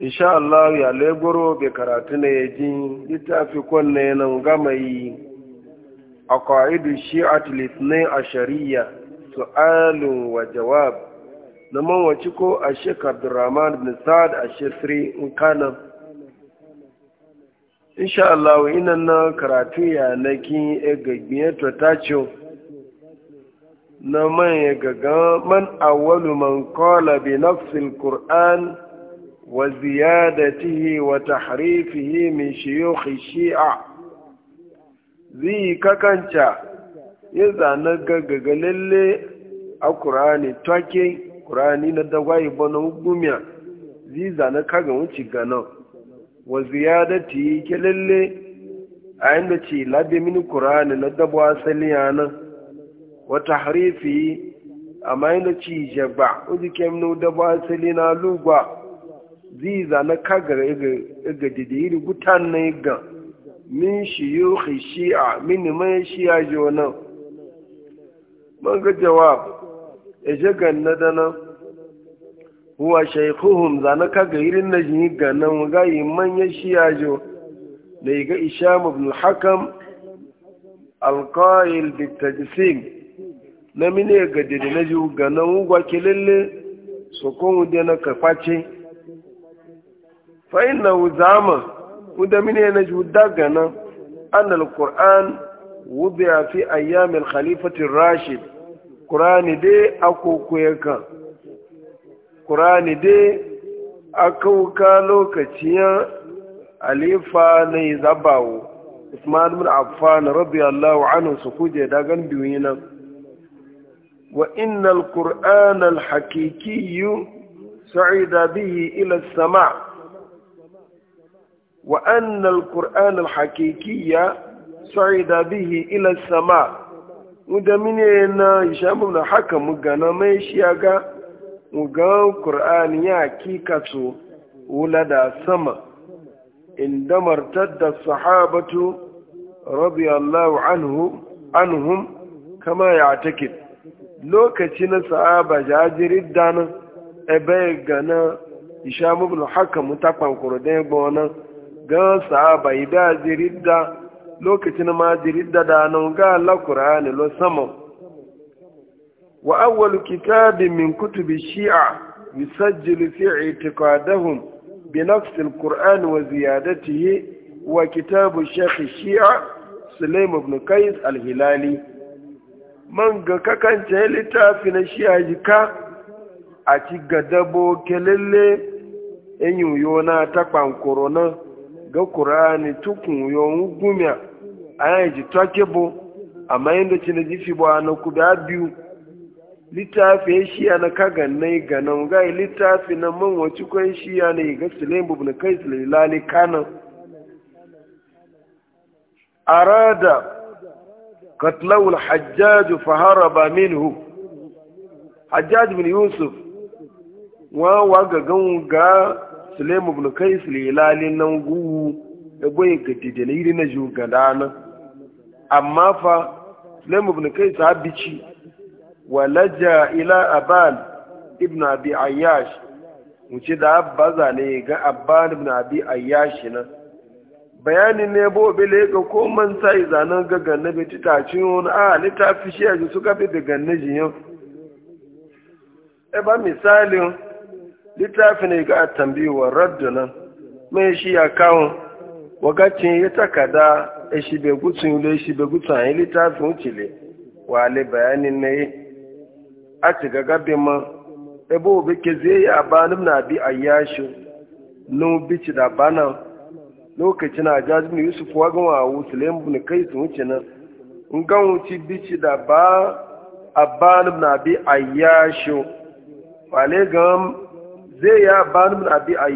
insha Allah ya legoro be karatu na ya ji littafi kwanne nan gama yi a ƙwa'idu shi'at litinin a shari'a wa jawab na manwaci ko a shek abdurrahman bin sa'ad a shefri in kana insha Allah ina na karatu ya na ki egagbiyar tacho. na man ya gaga man awwalu man kola bi nafsil qur'an وزيادته وتحريفه من شيوخ الشيعة زي ككنشا يزا نغغغ للي القرآن التوكي قرآن ندواي بنو غوميا زي زانا كاغا وچي غانا وزيادته كللي عند شي لدي من القرآن ندبوا سليانا وتحريفه أما عند ci جبع uji kemnu da ba لوبا zai zana kagara ga didiri gutan na ga min shi yi a min shi shi'a jona man ga jawab e jagan na dana huwa shaikuhum zana kaga irin na jini ga nan ga yi shi shi'a jo da ga mu ibn hakam alqail bi tajsim na mine ga didiri na ji ga nan ugwa kelele sokon de na kaface fa'in na zama kuda mine na juda gana an alkur'an wuzi a fi ayyamil, khalifatin rashid ƙurani dai akwai kan ƙurani dai akauka lokacin alifa na yi zabawo usman bin affan radiyallahu anhu su kuje dagan biyu nan wa innal qur'ana al haqiqiyyu sa'ida bihi ila as-sama' وأن القرآن الحقيقي صعد به إلى السماء ودمني أن هشام بن حكم وقنا ما يشيغا مغان القرآن يا كيكاتو ولدا سما عندما ارتد الصحابة رضي الله عنه عنهم كما يعتقد لو كتنا صحابة جاجر الدانا أبي قنا هشام متقن قردين تقوى ga sahaba da jiridda lokacin ma jiridda da nan ga la lo sama wa awwal kitabi min kutubi shi'a yusajjilu fi i'tiqadihim bi nafs al wa ziyadatihi wa kitabu shaykh shi'a sulaim ibn qais al-hilali man ga kakance littafi na shi'a jika a ci gadabo kelele enyu yona ta kwankoro na ga kurani tukun yawon gumiya a yan ji bo amma yadda ci na jifi ba na kuda biyu littafi ya shiya na kagan na ga nan ga littafi na man wacce kwan shiya na ga silayin bubu na kai silalali kanan arada katlawul hajjaju faharaba minhu hajjaj bin yusuf wa wa gagan ga sulaimu ibn kais lilali nan guwu da goyi gadide na yiri na jugada na amma fa sulaimu ibn kais habici walaja ila aban ibn abi ayyash ce da abba zane ga aban ibn abi ayyash na bayani ne bo bele ga ko man sai zanan ga gannabe titacin wani a littafi shi a ji suka fi da gannaji yau e ba misalin littafi ne ga tambiwa raddunan mai shi ya kawo wakacin ya takada ya e shi bai gutsun ya shi bai gutsun a yi littafin wucile wa le bayanin na yi a ti gaga bima ebe obi ke zai yi a banin na bi a yashi nubici da bana lokacin a jajin yusuf wagon a wusulen bu ne kai sun wuce nan in gan wuci bici da ba a banin na bi a yashi wa le gan zai ya banu min abi a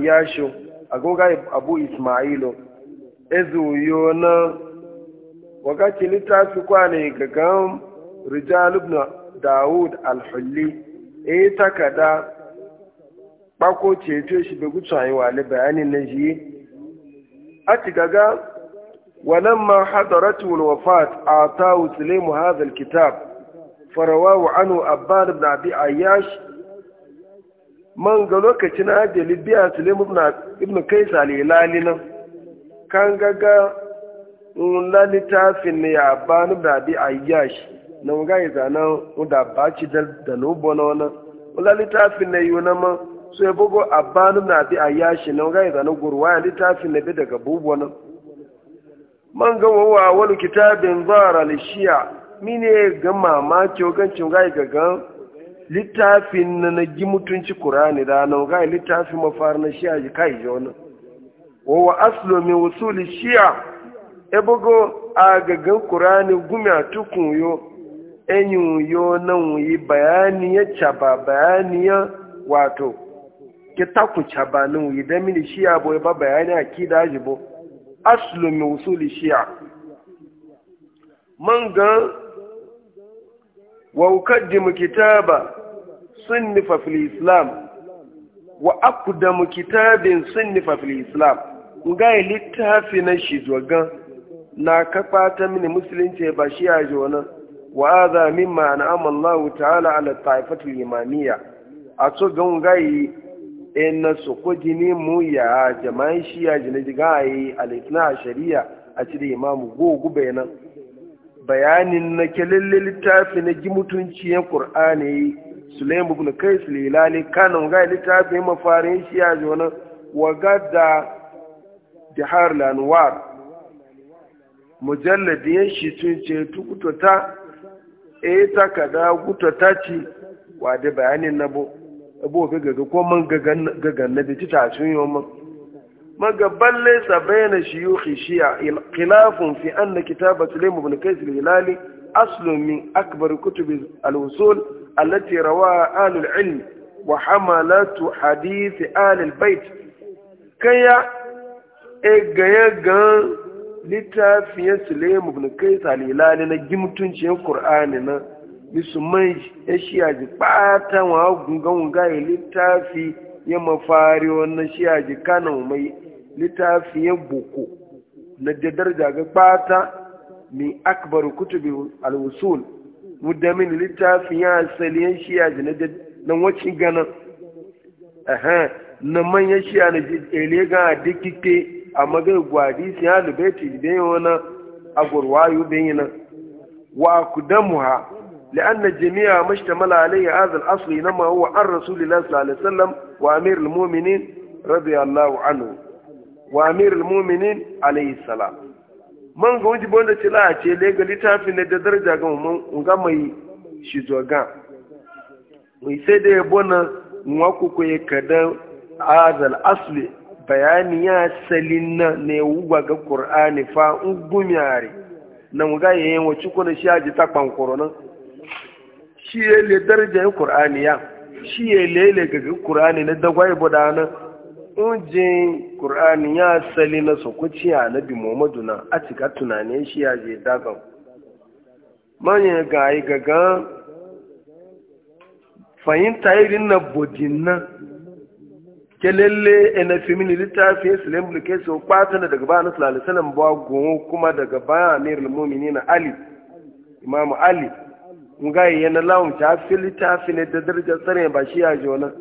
a goga abu ismailu ezu yo na wakati littafi kwane gagan rijalub na dawud alhulli e takada bako ceto shi bai gutsu hanyar wale bayanin na shi a ti gaga wannan ma hadara tuwul wafat a ta wutsile mu kitab farawa wa anu abbar na bi a man ga lokacin hajji libya suleiman na ibn kaisa lilali nan kan gaga nla littafin ne ya ba ni da bi ayyash na nga yi zana da ba ci da nubo na wani nla littafin ne yi ma su ya bugo a ba ni da bi ayyash na nga yi zana gurwa ya littafin ne bi daga bubu nan man ga wawa wani kitabin zara lishiya mine ga mamaci ogancin ga yi gagan littafin na na gi mutunci Kur'ani da na ga littafin mafar na shi'a ji kai ji wani. Wa wa aslo min wusuli shi'a e bugo a gagan Kur'ani gumi a tukun yo enyin yo nan yi bayani ya caba bayani ya wato ki taku caba nan yi da mini shi'a boye ba bayani a kida ji bo aslo min wusuli shi'a. Man gan وأقدم كتابا صنف في الإسلام وأقدم كتاب صنف في الإسلام ngai littafi na shi zogan na ta mini musulunci ba shi a jona wa aza mimma na amallahu ta'ala ala taifatul imamiyya a to gan ngai in e na soko jini mu ya jama'in shi ya jini ga yi al shari'a a cire imamu go gube nan bayanin na kelalle littafi na ji mutunci Kur'ani qur'ani sulaim ibn kais lilali kana ga littafi mafarin shi ya jona wa gadda dihar lanwar yan shi tun ce tukutota e kada gutota ci wa da bayanin nabo abu ga ga ko man gagan gagan na bi ta sun yi man magaballe laisa bayyana shiyuhi shi'a khilafun fi anna kitaba sulaim ibn qais al-hilali aslun min akbar kutub al-usul allati rawaha ahli al-ilm wa hamalatu hadith ahli al-bait kaya e gaya gan littafin sulaim ibn qais al-hilali na gimtuncin qur'ani na musulman ya shi'a ji patan wa gungan ga littafi ya mafari wannan shi a ji kano mai ya boko na jadar daga bata min akbar kutubi alwusul mudamin littafiyan asaliyan shi a ji na wacin gana na manyan shi a na elega a dikike a magar gwadi sun halibeti da yi wani agurwayo da yi nan wa kudamu ha لأن الجميع ما اشتمل عليه هذا الأصل إنما هو عن رسول الله صلى الله عليه وسلم وأمير المؤمنين رضي الله عنه وأمير المؤمنين عليه السلام من ga wani bonda ce ce le ga littafin da daraja ga mun ga mai shi zoga mai sai bayani ya salin na ne wuwa ga qur'ani fa ungumiyare nan ga yayin wacce kuna shi aji ta kwankoro nan shi ya le daraja ƙur'ani ya shi ya le le ga ƙur'ani na dagwai budana ujin ƙur'ani ya sali na sokuci ya nabi muhammadu na a cika tunanin shi ya je dagan manyan ga yi gaga fahimta irin na bodin nan ke ina fimini littafi ya sulim bulke su kwata na daga bayan nasu alaihi wasallam kuma daga bayan al-mumini na ali imamu ali ngai yana lawun ta fili ta fili da darajar tsare ba shi ya jona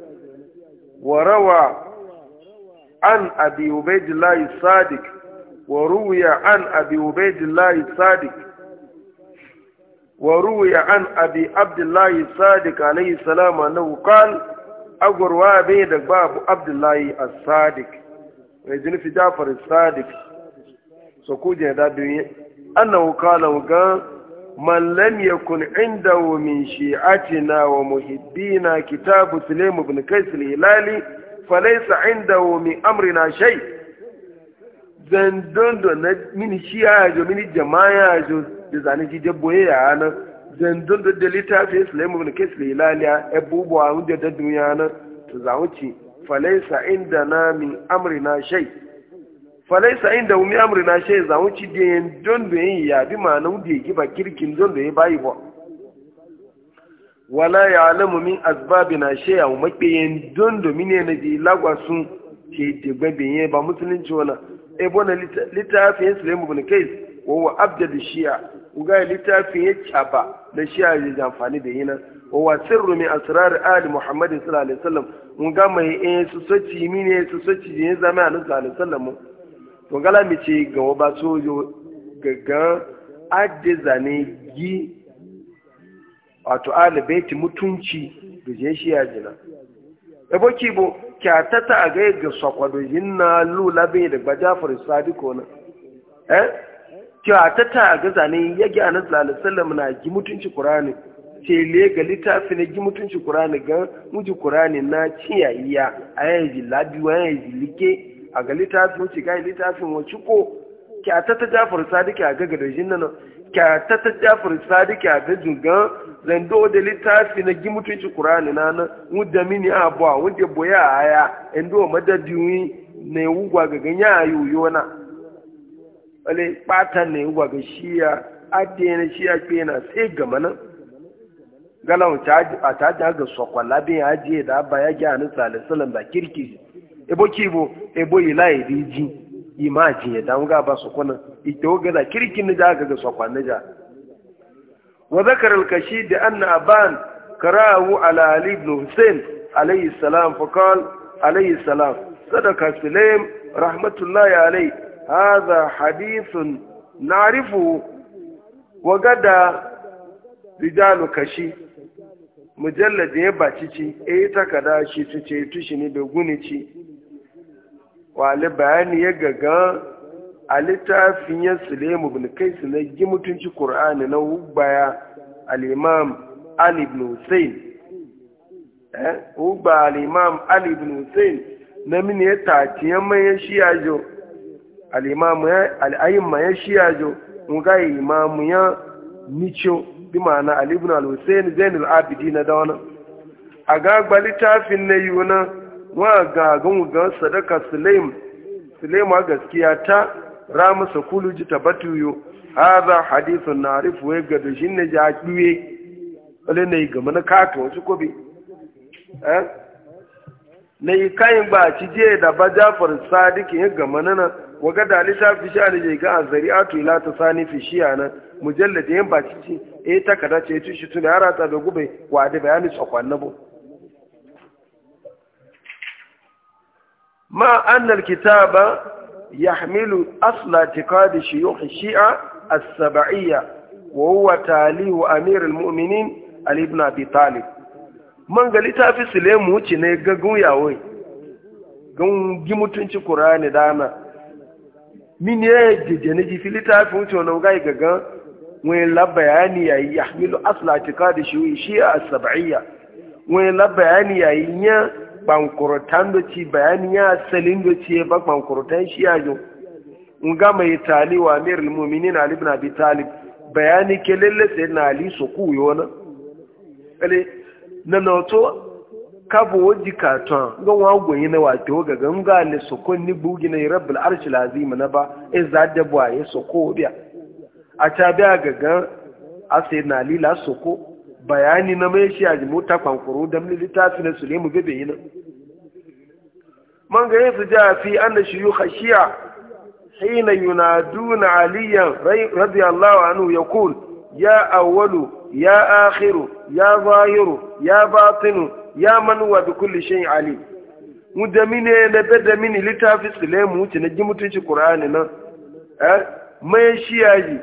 wa rawa an abi ubaidillah sadiq wa ruwiya an abi ubaidillah sadiq wa ruwiya an abi abdullah sadiq alayhi salam annahu qal agurwa be da babu abdullah as-sadiq wa fi jafar as-sadiq so kuje da biyu annahu qala ga من لم يكن عنده من شيعتنا ومحبينا كتاب سليم بن كيس الهلالي فليس عنده من أمرنا شيء zandon mini shi ya yajo jama'a ya da zane shi jabbo ya ya Zan dondo da da littafi sulaimu bin kai sulilaliya ya bubuwa wanda da duniya falaisa inda na min na shai falaisa inda umi amrina shay za mu ci den don do yin ya bi ma na wudi ki ba kirkin don do yi bayi ba wala alamu min na shay'a mu makke yin don do mine na ji lagwasun ke te gbe yi ba musulunci wala e bona litafin Sulaim bin Kais wa huwa da shi'a uga litafin ya chaba na shi'a ya jamfani da yin wa wa sirru min asrar ali Muhammad sallallahu alaihi wasallam mun ga mai eh su soci mine su soci ne zama annabi sallallahu alaihi wasallam wangala mi ci ga so sojo gaga adiza ne gi wato alibaiti mutunci da je shi yajina ebo kibo kyatata a gaya ga sakwadoyin na lula bai da gbajafar sadiko na eh kyatata a gaza ne ya na anas lalisallam na gi mutunci kurani le ga littafi na gi mutunci kurani ga muji kurani na ciyayya a yanzu labiwa yanzu like a ga littafin ci ga littafin wacce ko kya ta jafar sadiki a ga gadajin nan kya ta jafar sadiki a ga jungan zando da littafi na gimutunci kurani na nan wudda mini abuwa wudda boya a aya endo madadiwi na wugwa ga ganya a yoyo na wale batan na wugwa ga shiya adiyana shiya na sai gama nan galawun a ta ga sokwala bin ajiye da abba ya gyanu salisalan ba kirki ebo kibo ebo ila idi ji imaji ya dan ga ba su kuna ito ga da kirkin na ga ga sokwan na ja wa zakar al-kashi da anna aban karahu ala ali ibn husain alayhi salam fa qal alayhi salam sadaka sulaim rahmatullahi alayhi hadha hadithun na'rifu wa gada rijalu kashi mujallad ya bacici e eh, takada shi tuce tushi ne da guni ci. wale bayani ya gaga a littafin ya sulemu bin kai su na gi mutunci ƙur'ani na hubbaya al'imam ali ibn hussein eh, hubba al'imam ali ibn hussein na mini ya taci ya mai ya shiya jo al'imam ya al'ayin ma ya shiya jo mun ga imam ya nicho bi ma'ana ali ibn al-hussein zainul abidi na da a ga gba littafin na yuna wa gagan ga sadaka sulaim sulaima gaskiya ta Ramusa, sakulu ji tabatu yo hadha hadithun narif wa ga da ne ja kiwe kale ne ga mana kato su ko bi eh ne kai ba ci je da ba Jafar Sadiq ya ga mana na waga da littafi sha ne ga azari'atu ila tasani fi shi'a na mujallad yan ba ci eh takada ce ci shi tun harata da gube wa da bayani tsakwan na bo ma أن الكتاب يحمل أصل اعتقاد شيوخ shi'a السبعية وهو wa أمير المؤمنين amir al-mu'minin ali ibn abi في man ga littafi sulaimu wuce ne ga gan gi mutunci dana min ya jeje ne ji littafi wuce wani ga ga gan wani labayani yayi yahmilu asla tiqadi wani bankurutan da ci bayani ya salin da ci ba bankurutan shi in ga mai tali wa amir muminin ali ibn abi talib bayani ke lalle sai na ali su ku yona kale na noto kabu waji katon ga wa goyi na wato ga ganga ne su ku ni bugi na rabbul arshi azim na ba e za da bwaye su ku biya a ta biya ga ga sai na ali la su bayani na mai shi a ji ta kwankuru da littafi na sulemu bebe yi nan man ga su ja fi an da shi yi khashiya hina yunaduna aliyan radiyallahu anhu yaqul ya awwalu ya akhiru ya zahiru ya batinu ya manuwa da kulle kulli shay'in ali. mu da mine na bada mini littafi sulemu wuce na ji mutunci kur'ani nan eh mai shi yaji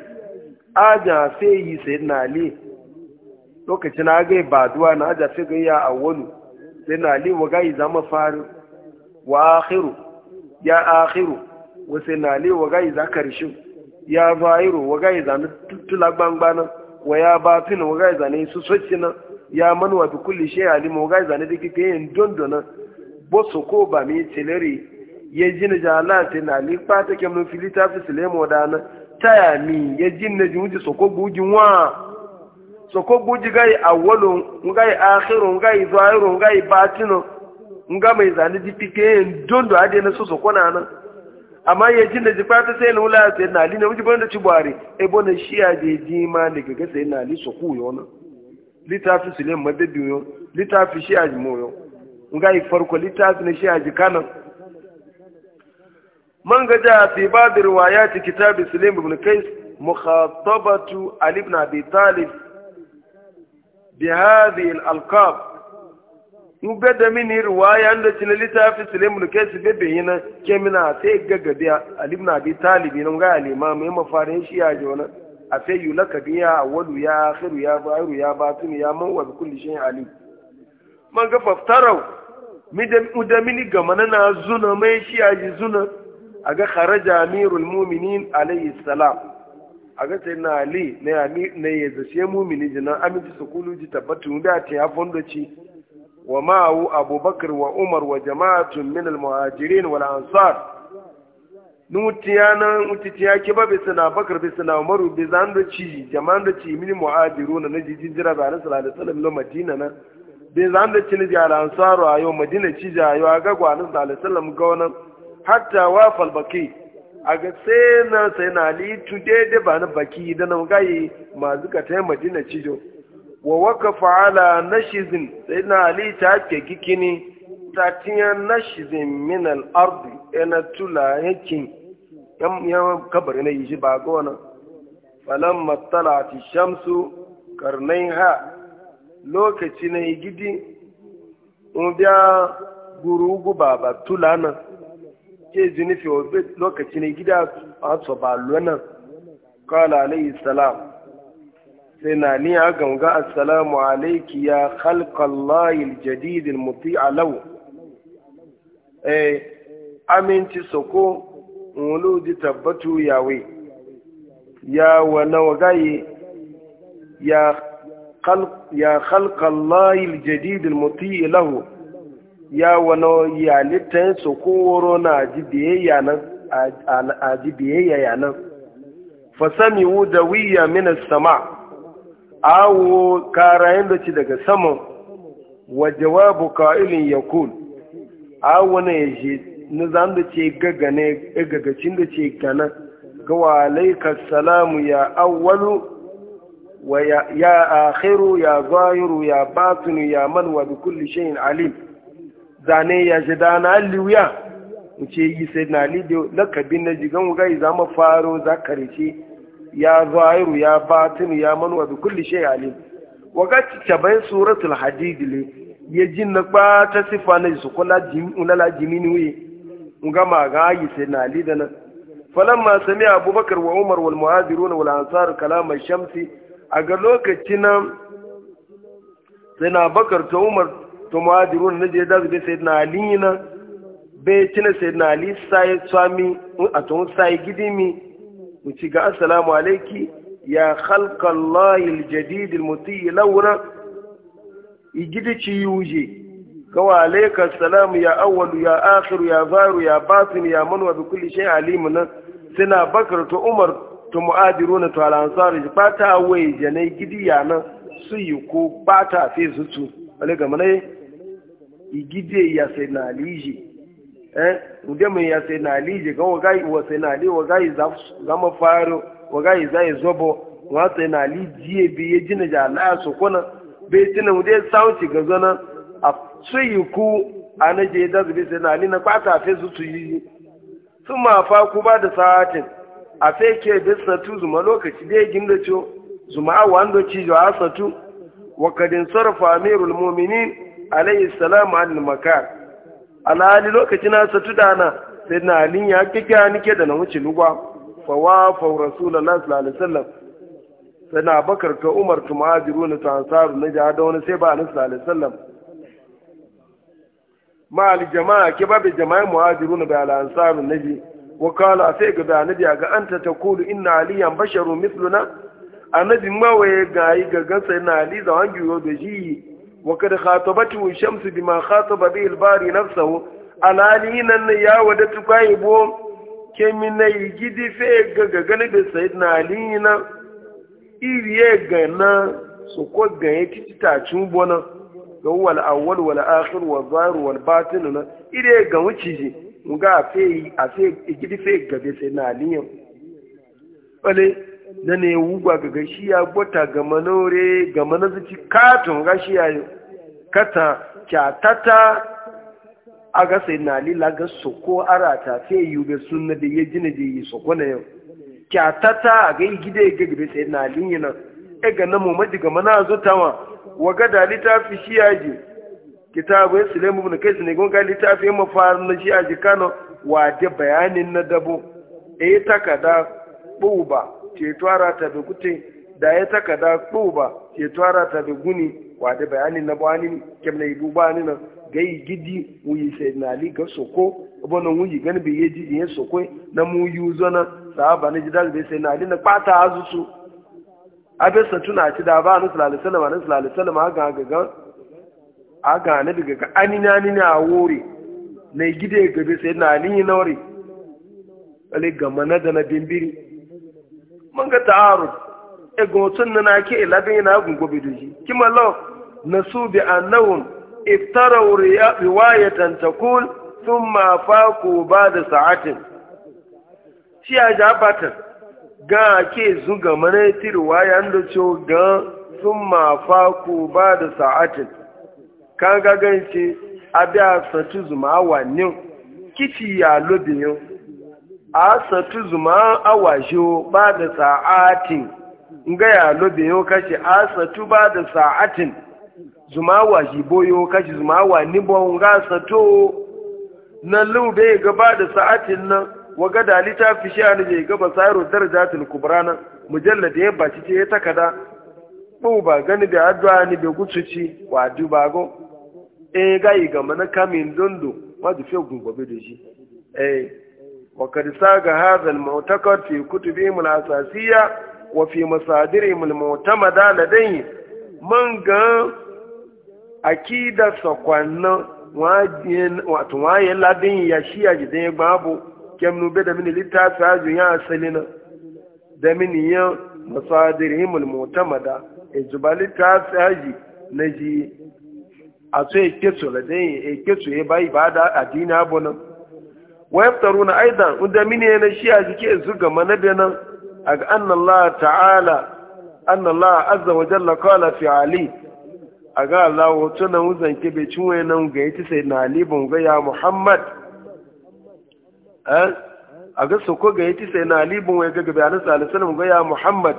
aja sai yi na ali lokacin na gai baduwa na aja fi ya a wani sai na li wa gai zama faru wa akhiru ya akhiru wa sai na li wa gai za karshe ya zairu wa gai za tutula gbangbana wa ya batin wa gai za ne su soci na ya manuwa bi kulli shay alim wa gai za ne dike yin dondona boso ko ba mi tileri ya ja jala sai na li fata kemno filita fi silemo dana taya mi ya jinna juji soko bujin wa so ko buji gai awwalu ngai akhiru ngai zahiru ngai batinu nga mai zalidi pike dondo ade na so so kona nan amma ya jin da jipata sai na wula sai na ali ne wuji ci buhari e bona shiya je ji ma ne gaga sai na ali so ku yo na litafi sulen madadin yo litafi shiya ji mo yo ngai farko litafi ne shiya ji kanan man gaja fi badir wayati kitab sulaim ibn kais mukhatabatu ali ibn abi talib بهذه الألقاب يبدأ من رواية عند تلاليتا في سليم الكيس ببهنا كمنا أتيك قبيا الابن أبي طالب ينمغى الإمام يما فارنشي ياجونا أفي يلك بيا أول يا آخر يا ظاهر يا باطن يا من وبكل شيء عليم من قف افتروا مدمني قمنا زنا ما يشي عجي زنا أغا خرج أمير المؤمنين عليه السلام a sai na ali na ya na ya zashe mumini jinan aminci su kulu ji tabbatu da ta ya fondoci wa ma'ahu abubakar wa umar wa jama'atun min al-muhajirin wal ansar nutiya nan utitiya ke kiba bisa na bakar bisa na umaru bi zan da ci jama'an da ci min muhajiruna na jijin jira ba na sallallahu alaihi wasallam madina na bi zan da ci ni al ansaru ayo madina ci ji ayo aga gwanin sallallahu alaihi wasallam ga wannan hatta wafal baqi a ga sai na sai na ali tude da ba na baki da na gai ma zuka ta madina cijo wa waqafa ala nashizin sai na ali ta ke gikini ta tiya nashizin min al ard ina tula yakin yam yam kabar na yi ba gona falam talat shamsu karnaiha lokaci na gidi un biya gurugu baba ba tulana ke ji nufi wa lokaci ne gida a su ba lunan kala alayhi salam sai na ni a ganga assalamu alaiki ya khalqallahi aljadid almuti alaw eh aminci soko muludi tabbatu yawe ya wana wagaye ya khalq ya khalqallahi aljadid الجديد المطيع ya wani ya littan su koworo na ji biyayya nan a ji biyayya ya nan fasami wu da wiya mina sama awo karayen da ci daga saman wa jawabu ka'ilin ya kun awo na ya je na zan da ce gagane gagacin da ce gana ga wa alaikar salamu ya awwalu wa ya akhiru ya zahiru ya batunu ya man wa bi kulli shayin alim zane ya shi dana liwuya wuce yi sai na lidi lakabi na jigan wuga zama faro za karshe ya zuwa ya batin ya manuwa da kulli shi alim waga bai suratul hadid le ya ji na ba ta sifa na su kula unala jimini wuye nga ma ga yi sai na Falon falamma sami abubakar wa umar wal muhajirun wal ansar kalamar shamsi a ga lokacin nan sai na bakar ta umar to muhajirun na je dazu bai sayyidina ali na bai tina sayyidina ali sai tsami a tun sai gidimi mu ci ga assalamu alayki ya khalqallahi aljadid almuti lawra igidi ci yuje wa alayka assalamu ya awwal ya akhir ya zahir ya batin ya wa bi kulli shay na sina bakar to umar to muadiruna to al Ba bata wai janai gidiya na su yi ko bata fi zutu wale ga igide ya se na alije eh ude mu ya se na aliji ga wagai wa se na ali wagai za zama faro wagai za ya zobo wa se na aliji e bi ya jina ja na so kona be tina ude sauti ga zona a ku anaje da zubi se na ali na kwata fe su yi Su ma fa ku ba da sa'atin a fe ke bisa tu zuma lokaci da ya gimda ciwo zuma a wanda jo a satu kadin sarrafa amirul muminin alaihi salam an makar alhali lokacin na satu tudana, sai na alin ya kike ya ke da na wuce lugwa fa wa fa rasulullah sallallahu alaihi wasallam sai na bakar ka umar tu muhajiru na tansaru na ja da wani sai ba na sallallahu alaihi wasallam ma al jama'a ke ba bi jama'a muhajiru na da ansaru na ji wa kala sai ga da nabi ga anta taqulu inna aliyan basharu mithluna annabi mawaye ga yi ga gasa na ali da wangi yo da shi وقد خاطبته الشمس بما خاطب به الباري نفسه alhali nan na ya wadatu kwaye bo ke mina yi gidi fe ga gagana da sayid na alini na iriye ko ga ya titi tacin bona ga wal awwal wal akhir wal zahir wal batin na iriye ga wuci ji mu ga fe a gidi fe ga be na alini wale na ne wugwa ga gashi ya bota ga manore ga manazici katon gashi ya kata kyatata a ga sai na lila ga soko arata sai yi ga sunna da ya jina da yi soko na yau kyatata a ga yi gida ya gagbe sai na linyi nan e ga na mamadi ga mana zutawa wa ga da littafi shi ya ji kitabu ya silemu na kai su ne gonga littafi ya mafarin na shi ya ji kano wa da bayanin na dabo e takada ba. ke tuwara ta da gutin da ya taka da ba ke tuwara ta da guni wada bayanin na bani kem na ibu bani na gai gidi wuyi sai na li ga soko bonon wuyi gan bi ye ji ye soko na mu yu na sahaba ne jidal be sai na li na pata azu su abe sa tuna ci da ba annabi sallallahu alaihi wasallam annabi sallallahu alaihi wasallam aga ga aga ne daga ga anina ni na wore na gide gabe sai na li na wore ale ga mana da na bimbiri mun ga ta'arud e gotun na ke labin na gun gobe doji kima law nasu bi annahum iftaraw riwayatan taqul thumma faqu ba'da sa'atin shi a jabatan ga ke zuga mana ti riwaya da ce ga thumma faqu ba'da sa'atin kan ga ganci abi a satu zuma awannin kici ya lobiyin asatu zuma awasho ba da sa'atin ngaya lobe yo kashi asatu ba da sa'atin zuma washi yau kashi zuma wa nibo nga sato na lube ga ba da sa'atin nan waga da littafi shi an je gaba basaru darajatul kubra nan da ya baci ce ya takada bu ba gani da addu'a ni be gutuci wa duba go e ga yi ga mana kamin dondo ma dufe gungobe da shi eh وقد ساق هذا المعتقد في كتبهم الأساسية وفي مصادرهم المعتمدة لديه من قال akida sakwanna wato waye ladin ya shi ya jidan babu kemnu be da mini littafi ajin ya asali na da mini ya masadirihim almutamada e juba littafi aji na ji a so ya keso ladin ya keso ya bayi ba da adini abu nan wa yaftaruna aidan unda mine na shi a jike su ga manabe nan aga anna Allah ta'ala anna Allah azza wa jalla qala fi ali aga Allah wato nan uzan ke be wayan ga yace na ali bun Muhammad eh aga ko ga na ali bun wayan ga ga bayanin sallallahu alaihi ga ya Muhammad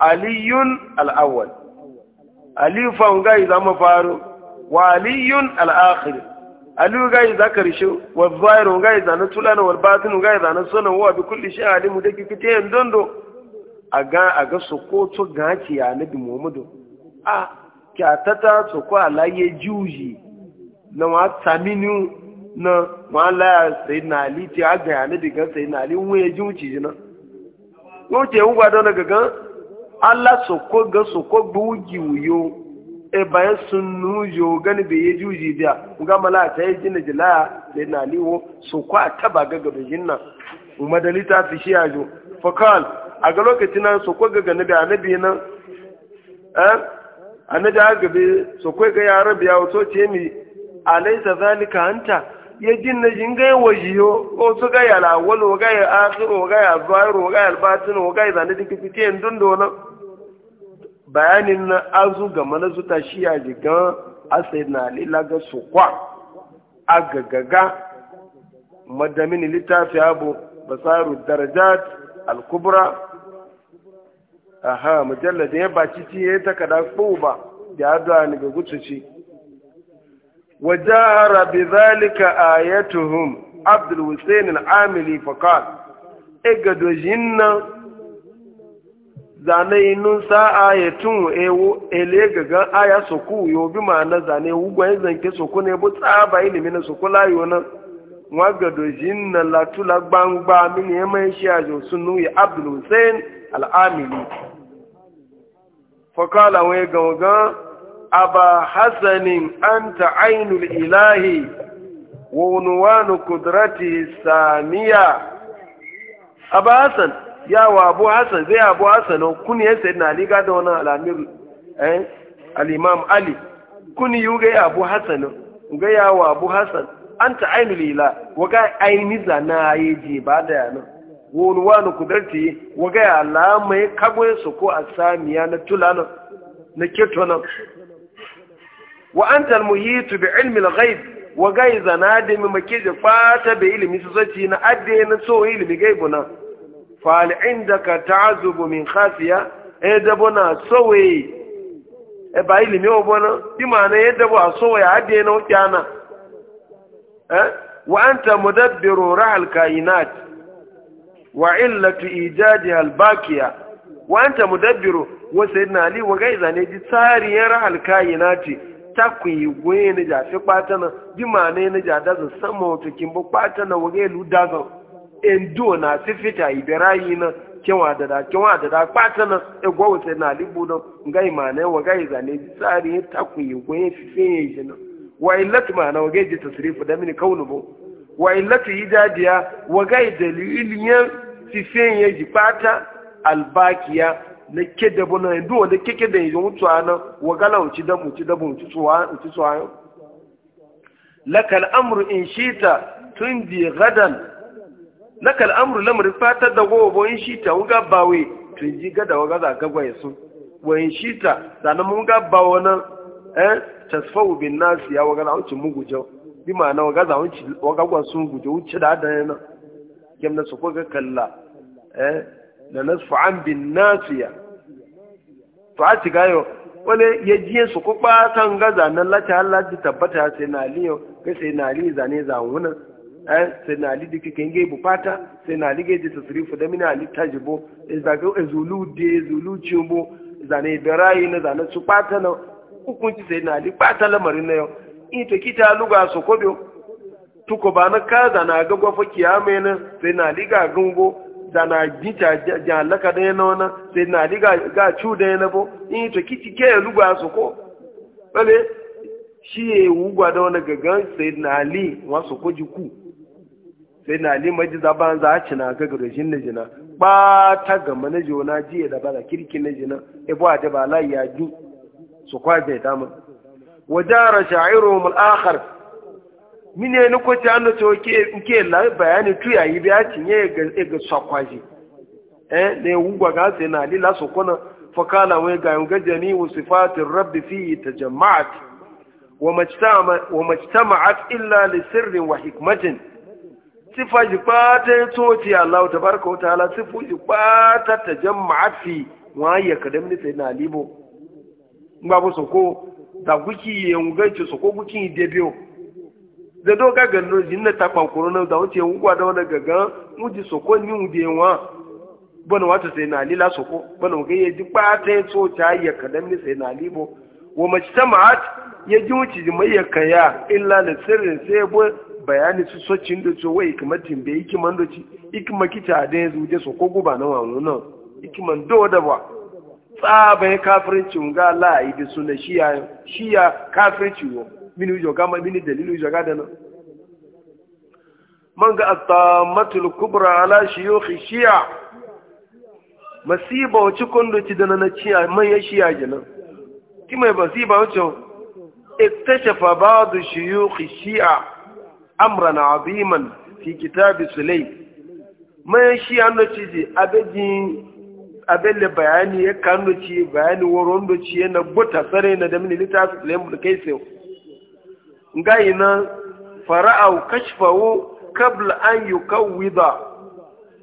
aliyun al-awwal ali fa ngai zama faru wa aliyun al alu gai za ka rishe wa zairo gai zana tulana wa batinu gai zana sunan wa bi kulli shi alimu da kike te dondo a ga a ga sokoto gaci ya nabi muhammadu a kyatata soko alaye juji na wa taminu na wa la na ali ti aga ya nabi ga na. ali mu ya juji na ko te ugwa don daga gan Allah soko ga soko gbugi wuyo e bayan sun yo gani bai yi juji biya ga mala ta yi jina jilaya da na liwo so kwa taba gaga da jinna madali ta fi shi yajo fakal a ga lokacin nan so kwa gaga na biya na nan eh annabi ga gabe so kwa ga yara biya wato ce mi alaisa zalika anta ya jinna jinga ya wajiyo o su ga ya lawal ga ya akhiru ga ya zahiru ga ya albatin o ga ya zanadi kifitiyan na. bayanin na azu ga manazuta shi a jigan asai na lilaga su kwa a madamin littafi abu basaru darajat al-kubra aha mujalladin ya baci ci ya takada ba da zuwa ni ga ci wajara bi zalika ayatuhum abdul husain al-amili fakal e gadojin nan zane nun sa'a ya tun ele gagan aya soku yo bi ma na zane wugwan zanke soku ne bu tsaba ilimi na soku layo na. wa gado na latula gbangba mini ya mai shi ajo sunu ya abdul hussein al'amili fakala wai gangan aba hasanin anta ainul ilahi wa unwanu kudrati samiya aba hasan Eh, ya wa abu hasan zai abu hasan kun ya sayyidina na liga da wannan alamir eh ali kun yi ga abu hasan ga ya wa abu hasan anta ainul lila wa ga aini zana yaji ba da yana wani wani kudarti wa ga alama ya kagwe su ko asamiya na tulana na ketona wa anta al bi ilmi al-ghaib wa ga zana da mi make da fata bi ilmi su zaci na adde na so ilmi gaibuna na fali inda ka ta'azubu min khafiya e dabo na sowe e ba obo na bona ma na e dabo a sowe a de na ukiana eh wa anta mudabbiru rahal kainat wa illatu ijadiha al bakiya wa anta mudabbiru wa sayyidina ali wa gaiza ne di tsari ya rahal kainati takwi gwe ne ja fi patana di mana ne ja da sama to kimbo patana wa gailu zo endo na sifita iberayi na kewa da da kewa da da kwata na egwa wuce na libu na nga imane wa ga ne tsari ta ku yi gwe fife yi na wa illati ma na wa ga ji tasrifu da mini kaunu bu wa yi hijadiya wa ga dalilin fife yi ji kwata albakiya na ke da bana endo da keke da yi mutuwa na wa gala uci da uci da uci suwa uci suwa lakal amru in shita tun di gadan lakal amru lamarin fatar da go bayan shi ta wuga bawai tun ji gada wa gaza gagwa sun. wa in shita sanan mun ga wani nan eh, tasfawu bin nasu ya wagana wuce mun guje bi ma'ana waga za wuce waga sun guje wuce da adana yana kem na su ko ga kalla eh la nasfu an bin nasiya to a ci gayo wani ya su ko ba gaza nan lati Allah ji tabbata sai na liyo sai na liyo zane zawunan eh sai na ali dike kin ge e bukata sai na ali ge je tasrifu da mina ali tajibo izaga e ezulu de ezulu chimbo zane berayi na zane su pata na hukunci sai na ali pata lamarin na yau in e ta kita luga so kodo tuko ba na ka zana ga gwafa kiyama na sai na ali ga gungo zana gita jalaka da yana wana sai na ali ga ga chu da yana bo in ta kiti ke luga so ko bale shi ye wugwa da wani gagan sai na ali wasu ji ku sai na lima ji ban za a cina ga garashin na jina ba ta gama na jona jiya da ba da kirki na jina ibu e, a da ba la ya ju su kwaje dama wajara sha'iru mul akhar mine ni ko ta no to nke la bayani tu ya yi biya cinye ga ga sakwaje eh ne wugwa ga sai na lila su kona fakala wai ga yunga jani sifatir rabbi fi tajamma'at wa majtama'at illa li sirrin wa hikmatin sifa ji bata ya toce Allah ta barka wata ala sifu ji bata ta jamma'a fi waye kadam ni sai na libo ba bu soko da guki yen gaci soko guki debio da do ga ganno jinna ta kwankuro na da wuce ngwa da wani gaga ji soko ni ude wa bana wata sai na lila soko bana ga ya ji bata ya toce ya kadam ni sai na libo wa majtama'at ya ji wuce mai ya kaya illa da sirrin sai bayani su socin da cewa timbe yi kiman da ci ikima kita da yanzu da so ko ba na wannan nan ikiman do da ba tsabai kafirin ga Allah yi da suna shiya shiya kafirci wo min wujo gama mini min dalilu wujo ga da nan man ga at-tamatul kubra ala shuyukh shiya masiba wacce da ci da na ciya man ya shiya jinan ki yi masiba wacce اكتشف بعض شيوخ الشيعة amran abiman fi kitabi sulay man shi anno ji abejin abelle bayani ya kando ci bayani waron do ci na buta sare na da mini litafi sulay mun kai sai ngai na fara'au kashfawo kabla an yukawwida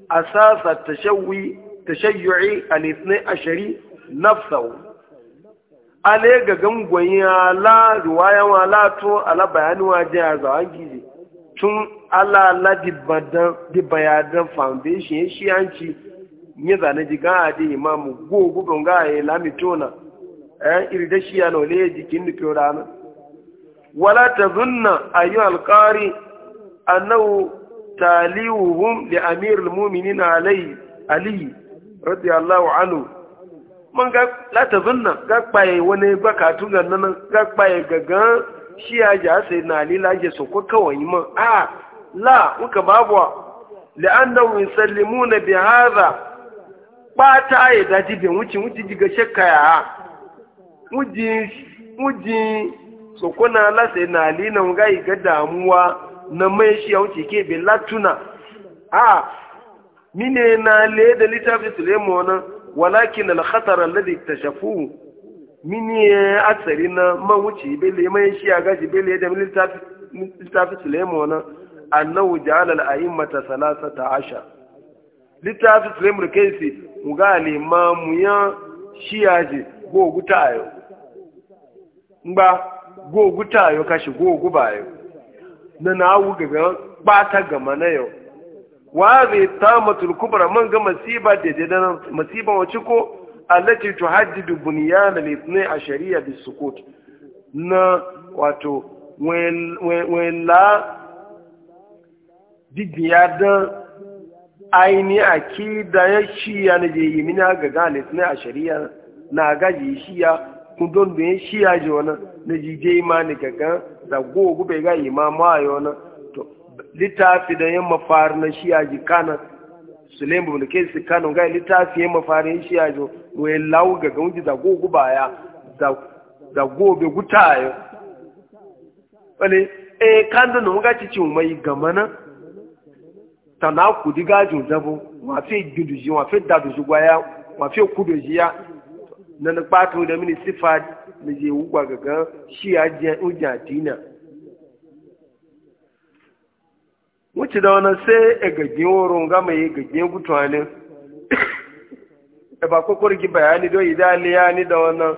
asasa tashawwi tashayyu'i al ashari ale ga gangon ya la ruwaya wa la to ala bayani wa a tun ala ala di bayadan foundation ya shi yanci ya zane ji ga adi imamu go gugun ga ya lami tona ɗayan eh, irida shi ya nole ya jikin nufin rana wala ta zunna ayyu alƙari annahu taliwuhum li amir al-mu'minin alayhi ali allahu anhu man ga la ta zunna ga kpaye wani bakatu ga nan ga kpaye gagan shi ya ji sai na lila ya so ko kawai man a la muka babu la'annahu yusallimuna na hadha ba ta yi daji bin wuce wuce jiga shakka ya wuji wuji so kuna la sai na lina ga ga damuwa na mai shi ya wuce ke bi latuna a mine na le da littafin Sulaiman walakin alkhatar alladhi tashafu. mini atsari na mawuci bele mai shi a gashi bele da littafi sulemu na annahu ja'ala al-a'immata salasata asha littafi sulemu da kai si ga al-imamu ya shiyaje go guta ayo ngba go guta ayo kashi gogu ba ayo na na wu gaga bata gama na yau wa zai tamatul kubra man ga masiba da da masiba wacce ko allati tuhaddidu bunyan al-ithnai ashariya bisukut na wato wen la dibiya dan aini akida ya shiya na je yi mina ga galit na a shari'a na gaji shiya kun don da shiya ji wani na jije ma ni gaga da gogu bai ga imama a yi wani to littafi da yin mafari na shiya ji kanan Suleiman bin Kaisi Kano ga littafi ya mafari shi ya jo waye lawu ga gauji da gogu baya da gobe gutayo wale eh kando no ga ci cin mai na tana ku diga jo dabo wa fe gidu ji wa fe dadu ji gwaya wa fe kudo ji ya na patu da mini sifa da je ugwa ga shi ya ujiya dina wuce da wani sai e gage wurin gama yi e gage gutuwanin e ba kwakwar ki bayani don idaliya ni da wannan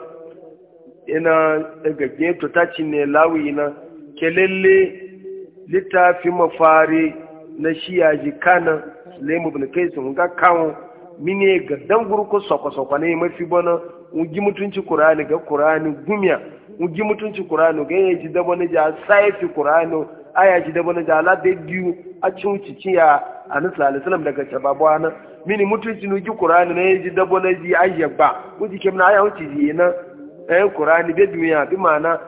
ina e gaggen tutaci ne lawi na ke lalle littafi mafari na shiyaji kana sulaimu bin kai sun ga kawo mini e ga dan gurku sokwa-sokwa ne mafi bana ugi mutunci kurani ga kurani gumiya ugi mutunci kurani ga yaji dabo na ja saifi kurani aya ji da wani ala da biyu a cin cikin ya anis alisalam daga shababuwa nan mini mutunci ji kurani na yaji da wani ji ayyar ba kuji kemna aya wuce ji na ɗayan eh, kurani bai duniya bi ma'ana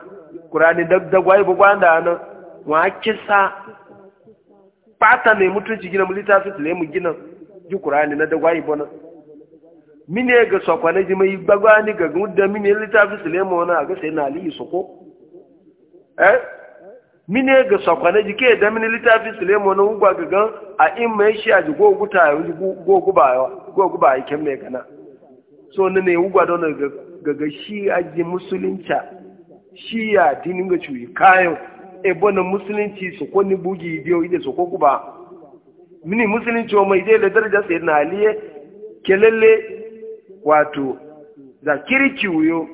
kurani da gwai bu gwanda nan wa kisa bata ne mutunci gina mu littafi su mu gina ji kurani na da gwai bu nan mini ga sakwane ji mai gbagwani ga gudda mini littafi su lemu wani a ga sai na aliyu soko eh mine ga sakwane jike da mini littafi Sulemo na ugwa ga gan a in mai shi a ji go guta ya ji go guba ya go guba ya so ne ne ugwa don ga ga shi a ji musulunta shi ya dinin ga cuyi kayan e na musulunci su ko ni bugi biyo ide su ko guba mini musulunci o mai da daraja sai na aliye kelele wato da kirki wuyo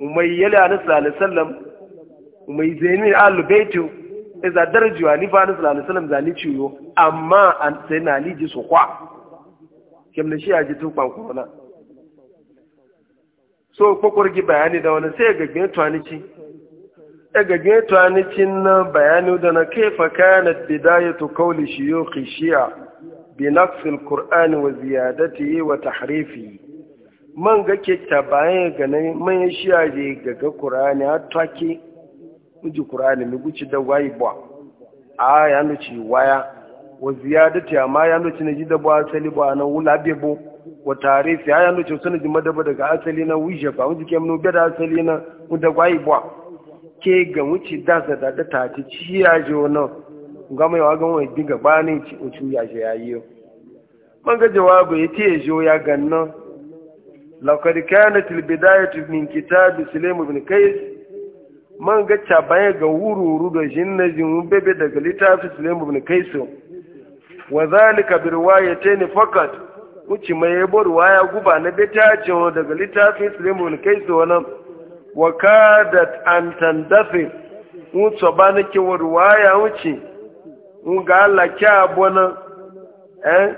umai sallallahu alaihi wasallam mai zaini alu baitu iza e darjiwa ni fa sallallahu za wasallam zani ciwo amma an sai na liji su kwa na shi aji tu kwan na. so kokor gi bayani da wani sai gaggen twanici e gaggen twanicin na bayani da na kaifa kanat bidayatu qawli shuyukh shi'a bi naqs al-qur'an wa ziyadatihi wa tahrifihi man ga ke tabayin ganin man shi'a je gaga Kur'ani a twaki uji kurani mi guci da wayi bwa a ya nuci waya wa ziyadati amma ya nuci na jida bwa asali bwa na wula bebo wa tarifi ya nuci sun ji madaba daga asali na wije fa uji kemno beda asali na da wayi bwa ke ga wuci da da da ta ci ciya jona ngama yawa ga wani diga ne ci ci ya je yi? man ga jawabu yace jo ya ganna لقد كانت البداية من كتاب سليم بن كيس man ga cabaya ga wururu da jin na jin bebe daga littafin sulaim ibn kaisu wa zalika bi riwayatayn faqat kuci mai yabo riwaya guba na betace daga littafin sulaim ibn kaisu wannan wa kadat an tandafi mutso ba na ke riwaya wuce mun ga Allah kya bona eh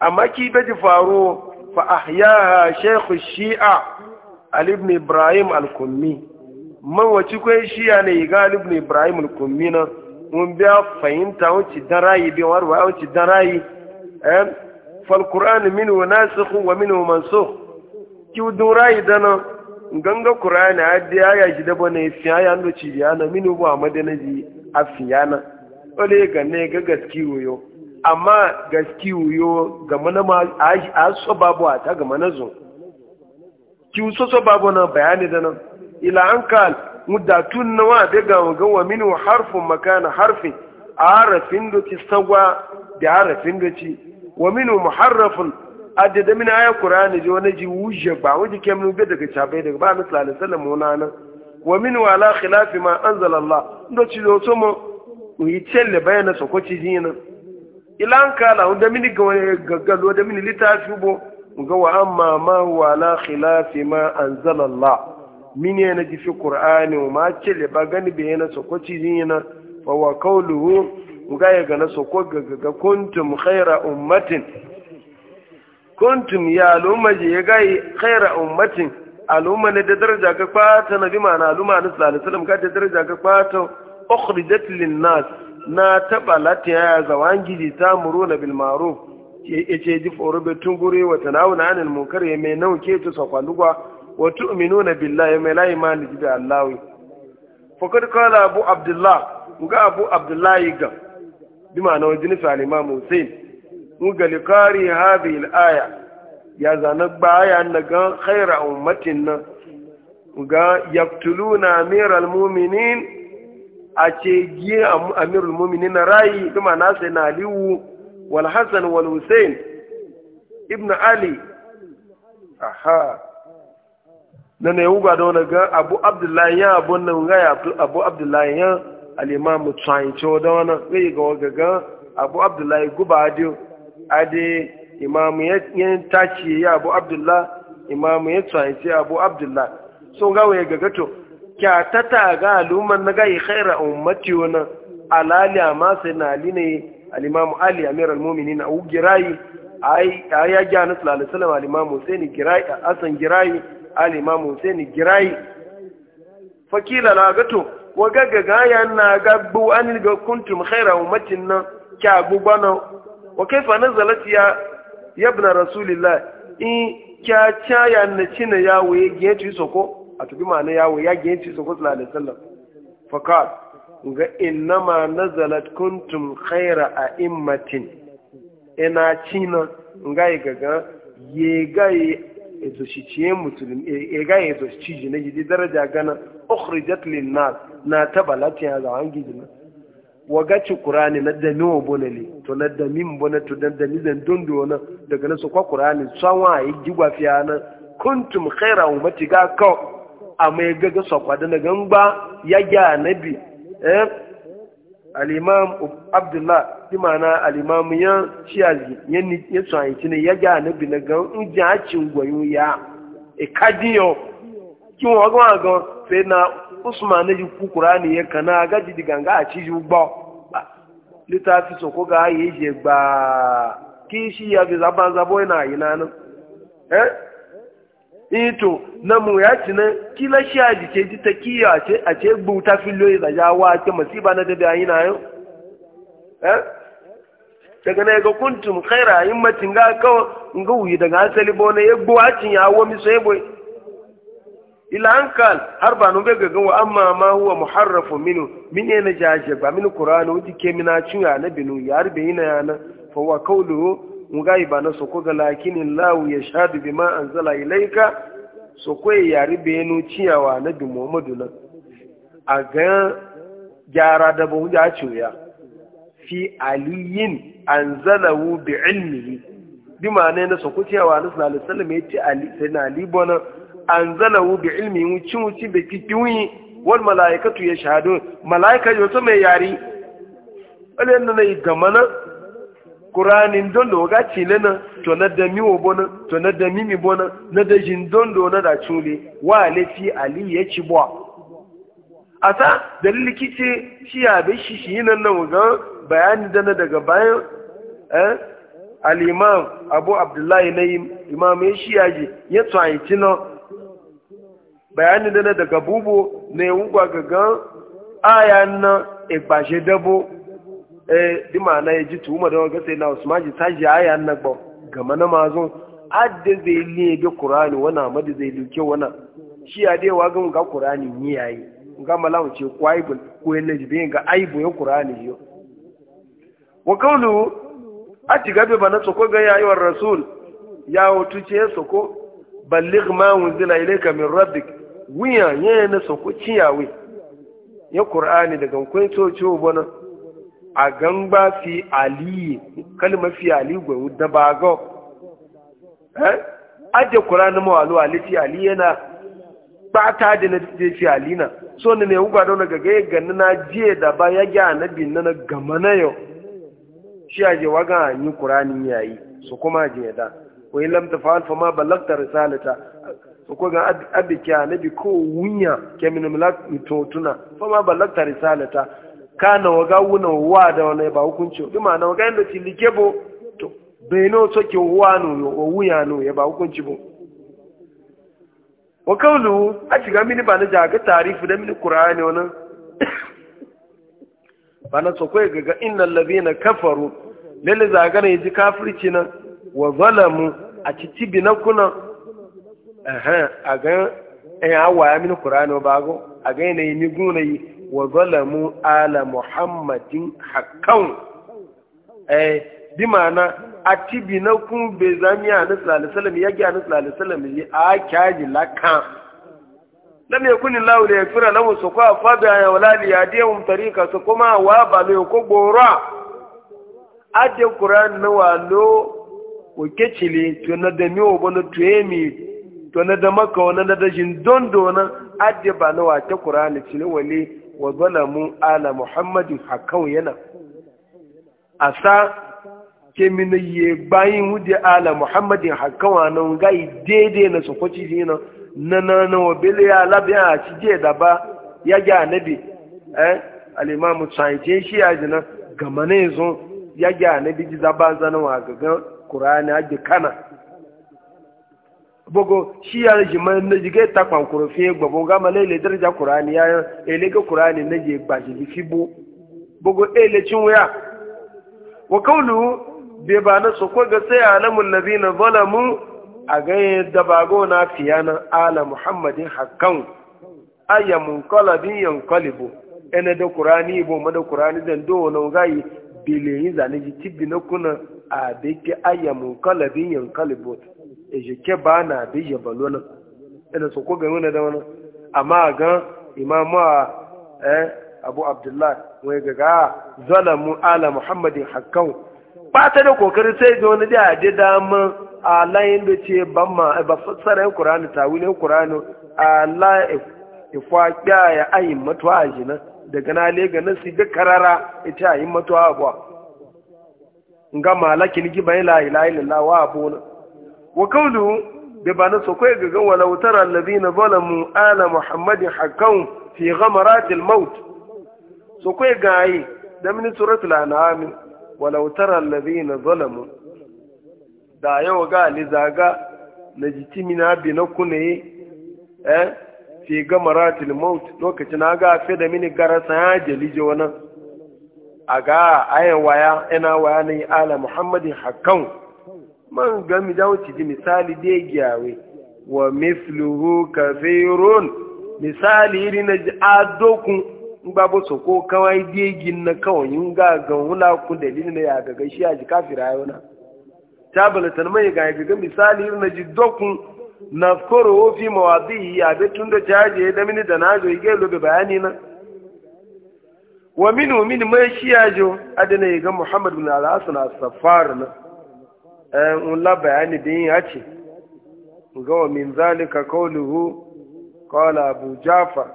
amma ki be di faro fa ahyaha shaykh shi'a ali ibn ibrahim al-kummi man wacce kwai shiya ne galib ne ibrahim al kumina na mun biya fahimta wuce dan rayi bi war wa wuce dan rayi eh fal qur'an minhu nasikh wa minhu mansukh ki dun rayi dan ganga qur'an da aya ji da bane fiya ando ci ya na minhu ba madana ji afiya na ole ga ne ga gaski wuyo amma gaski wuyo ga mana ma a so babu ta ga mana zo ki so so babu na bayani da nan ila an kal mudatun nawa wa daga ga wa minu harfin makana harfin a harafin doki sagwa da harafin doki wa minu muharrafin adada min aya qur'ani ji wani ji wuje ba wuje kemnu be daga chabe daga ba na sallallahu alaihi wasallam wona wa min wa la khilafi ma anzala allah ndo ci do to mo yi telle bayana so ko ci jina ilan kala wanda min ga gaggalo da min litafi bo ga wa amma ma wa la khilafi ma anzala allah mini yana gifi qur'ani ma cile ba gani be yana soko cijin yana fa wa qawluhu ga ya gana ga gaga kuntum khaira ummatin kuntum ya al'umma je ga khaira ummatin al'umma ne da daraja ga fata nabi mana al'umma ne sallallahu alaihi wasallam ga da daraja ga fata ukhrijat lin nas na tabalata ya zawangiji ta muruna bil ma'ruf yace ji foro be tungure wa tanawuna anil munkar ya mai nauke ta sakwaluwa wa tu'minuna billahi mai layi ma ni jibi allawi fakar kala abu abdullah ga abu abdullahi ga bi ma'ana wa jini salima musain ga likari hadhihi al-aya ya zana baya na gan khaira ummatin nan ga yaqtuluna amiral mu'minin a ce giye amirul mu'minin na rayi bi ma'ana sai na aliwu wal hasan wal husain ibn ali aha na ne yawuga da wani gan abu abdullahi ya abu nan gaya abu abdullahi ya alimamu tsanci da wani zai ga waga ga abu abdullahi guba adi adi imamu ya taci ya abu abdullahi imamu ya tsanci abu abdullahi so ga waga ga gato kya ta ta ga aluman na gaya yi khaira ummati wani alali amma sai na ali ne alimamu ali amir al-mumini na ugirayi a ya gya nasu lalisalama alimamu sai ni girayi a asan girayi alimamu sai ni Girai fakila na gato wa gaggaga ya na gabbu an ga kuntum khaira ummatin nan kya gubana wa kaifa nazalat ya yabna rasulillah in kya caya na cina yawo ya ci soko a tubi ma'ana yawo ya ci soko sallallahu alaihi wasallam fakal ga innama nazalat kuntum khaira ummatin, ina cina ngai gaga ye gai ezoshiciye musulmi e, ega ezoshici na gidi daraja gana ukhrijat lin nas na tabalati ya za gidi na waga ci qur'ani na dami wa bonale to na dami mbona to dan dami dan dondo na daga na su kwa qur'ani sanwa yi gigwa fiya na kuntum khaira ummati ga ka amma ya gaga sakwa da na gamba ya ga nabi eh alimam abdul laar dị mma na aleman m nye chi azi nye nyi ya dị a na ebi na nganw ndi a ya o iwu ọ gụọ aga ọ tụw na usman na-ekwu kwụrụ anụ yẹn nkan na agadidi ganga a chidie ụba ọ ba nye taa sito kwa ga-aya shi gbaa kenshi ya biza bazaboo na ayi na ito na mu ya ci na kila shi a jike ji ta kiyo a ce a ce buta filo da jawa ke masiba na dada yana yau daga na ga kuntum khaira yin matin ga ka nga wuyi daga asali na, ya gbo cin ya wo mi sai ila ila ankal har ba no ga gawa wa ma ma huwa muharrafu minu min ne na jaje ba min kurani wuti ke mina cin ya na binu ya arbe yana yana fa wa ngai ba na soko ga lakinin lawu ya shadu bi ma anzala ilaika soko ya yari benu ciyawa na bi muhammadu nan a ga gyara da ba ya ciya fi aliyin wu bi ilmihi bi ma ne na soko ciyawa na sallallahu alaihi wasallam ya ali sai na ali bona wu bi ilmihi mu ci mu ci be kikiwi wal malaikatu ya shahadu malaika yo to mai yari alin na yi gamana kuranin dondo ga cile na to na da miwo bona to na da mimi bona na da jin dondo na da cule wa lati ali ya ci a ata dalili kice shi ya be shi shi nan nan ga bayani da na daga bayan eh al-imam abu abdullahi na imam shi ya ji ya tsayi tino bayani da na daga bubu ne wugwa gaga ayan na igbaje dabo eh dima na ji tuma da ga sai na usman ji taji aya na gbo gama na mazun adda zai liye ga qur'ani wana madu zai duke wana shi ya dai wa ga qur'ani ni yayi ga malamu ce kwaibul ko yana jibe ga aibu ya qur'ani yo wa qawlu ati gabe bana soko ga yayi rasul ya ya soko balligh ma unzila ilayka min rabbik wiya yana soko ciyawe ya qur'ani daga kun so bana a gangba fi aliyi kalma fi ali gwaru da ba ga eh? aje kurani mawalu ali fi ali yana ba ta da na je fi ali na so ne uba da daga ga ganna na je da ba ya ga annabi na na gama na yau shi aje waga ni kurani yayi so kuma je da wai lam tafal fa ma balagta risalata ko ga abike annabi ko wunya min mulak mitotuna fa ma balagta risalata kana waga wuna wa da wane ba hukunci bi ma na waga yadda ci like bo to bai no soke wa no wa wuya nu ya ba hukunci bo wa kaulu a shiga mini ba na jaga tarifu da mini qur'ani wannan ba na so kai ga innal ladina kafaru lalle zagana yaji kafirci nan wa zalamu a cici binakuna eh a ga eh awaya mini qur'ani ba go a ga ne ni gunayi wa zalamu ala muhammadin hakan eh bi mana tibi na kun be a na sallallahu ya ga na sallallahu ya a kyaji laka lam yakun lahu la yakfira lahu suqa fada ya wala li yadihum tariqa su kuma wa ba le ko gora je qur'an na walo ke kecile to na da mi obo na to emi to na da maka wani na da jin dondo na je ba na wa ta qur'an cile wale wa zalamu ala muhammadin hakan yana asa kemina ye bayin wude ala muhammadin hakan ga yi daidai na sokoci ne na na na na wa bele ya labi a ci je da ba ya ga annabi eh al-imamu tsaye shi ya jina gama ne zo ya ga bi ji zaba zanawa ga Qur'ani kana bogo shi ya ji man na jige ta kwankuro fi gbogbo ga ma daraja qur'ani ya ele ga qur'ani na je gba ji fi bo bogo ele cin waya wa qawlu be ba na so ko ga sai alamul ladina zalamu a ga e da bago na fiyana ala muhammadin hakkan ayya munqalabin yanqalibu ene da qur'ani bo ma da qur'ani dan do na gai bile yin zane ji tibbi na kuna a da ke ayya yanqalibu ejike ba na bi ya balo nan ina so ko gani da wani amma ga imamu a eh abu abdullah wai ga ga zalamu ala muhammadin hakkan ba ta da kokarin sai ga wani da da mu a layin da ce ban ma ba fassara qur'ani tawilin qur'ani a la ifa ya ayi matuwa ajina daga na le ga nasi duk karara ita ayi matuwa abwa nga malakin gibai la ilaha illallah wa abuna wa ببانا da ba na sakwai ga ga na zalamu ala muhammadin hakan fi ghamaratil maut sakwai ga yi da mini suratul anami walautar allazi na zalamu da yau ga ni na jiti mina na eh fi ghamaratil maut lokacin na ga da mini garasa ya jalije wannan a ga ayan waya ina waya ne ala muhammadin hakan man gami da wuce ji misali da giyawe wa misluhu kafirun misali iri na ji adokun babu su ko kawai degin na kawai yin gagan hula ku dalilin ya gaga gashi a ji kafira yana ta mai ga gaga misali iri na ji dokun na koro ofi mawadi a betun da caje da mini da najo ige lobe bayani na wa minu min mai shiyajo adana ya ga muhammad bin al-hasan as-saffar na Eh, la bayani din ya ce ga wa min zalika qawluhu qala abu jafar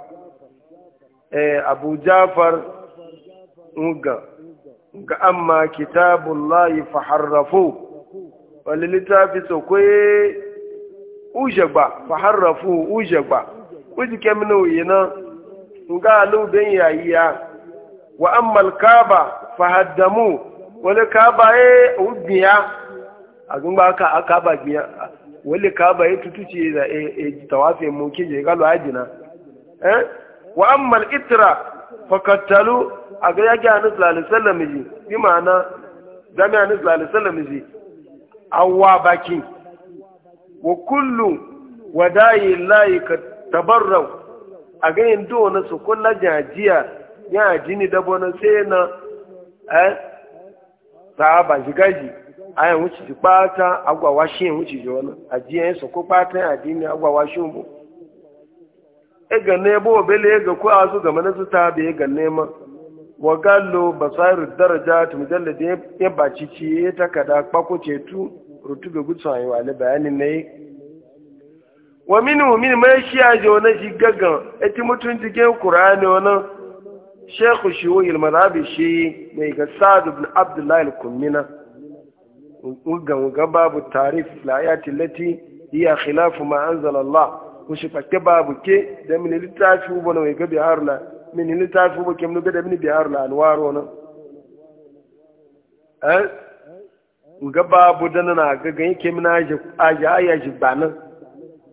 eh abu jafar nga ga amma kitabullahi faharrafu wani littafi so kwaye ujagba faharrafu ujagba uji kemina uyina nga alubin yayiya wa amma kaaba fahaddamu eh, wani kaba ya ubiya àgbọ̀ngbà kábà gbìyàn wọ́n lè kábà yìí tútù tí tàwáfẹ́ mú je galo ajina eh wa amma itra fakattalu a ga yaki sallallahu alaihi wasallam ji bi ma'ana zami a alaihi wasallam ji awwa baki wa kullu wada'i layi ka tabarrau a ga yin su jajiya ya jini dabo na sai na eh sahaba aya wuce ji agwa agwawa shi wuce ji wani ajiyar su ko kwata adini agwawa shi mu e ga ne bo bele e ga ko azu ga mana zuta be e ga ne ma wa gallo basairu darajat mujallad ya e baci ci ta kada kwako ce tu rutube an yi wani bayanin ne wa minu min mai shi a ji wani shi gaggan eti mutun cikin qur'ani wani shekhu shiwo ilmarabi shi mai ga sa'ad ibn abdullahi al ugan ga babu tarif ayati lati iya khilafu ma anzala Allah kushi fakke babu ke da min litafi ubo na ga bi harla min littafi ubo mun ga da min bi harla alwaro na eh ga babu dana na ga ganye min aje aje ayaji banan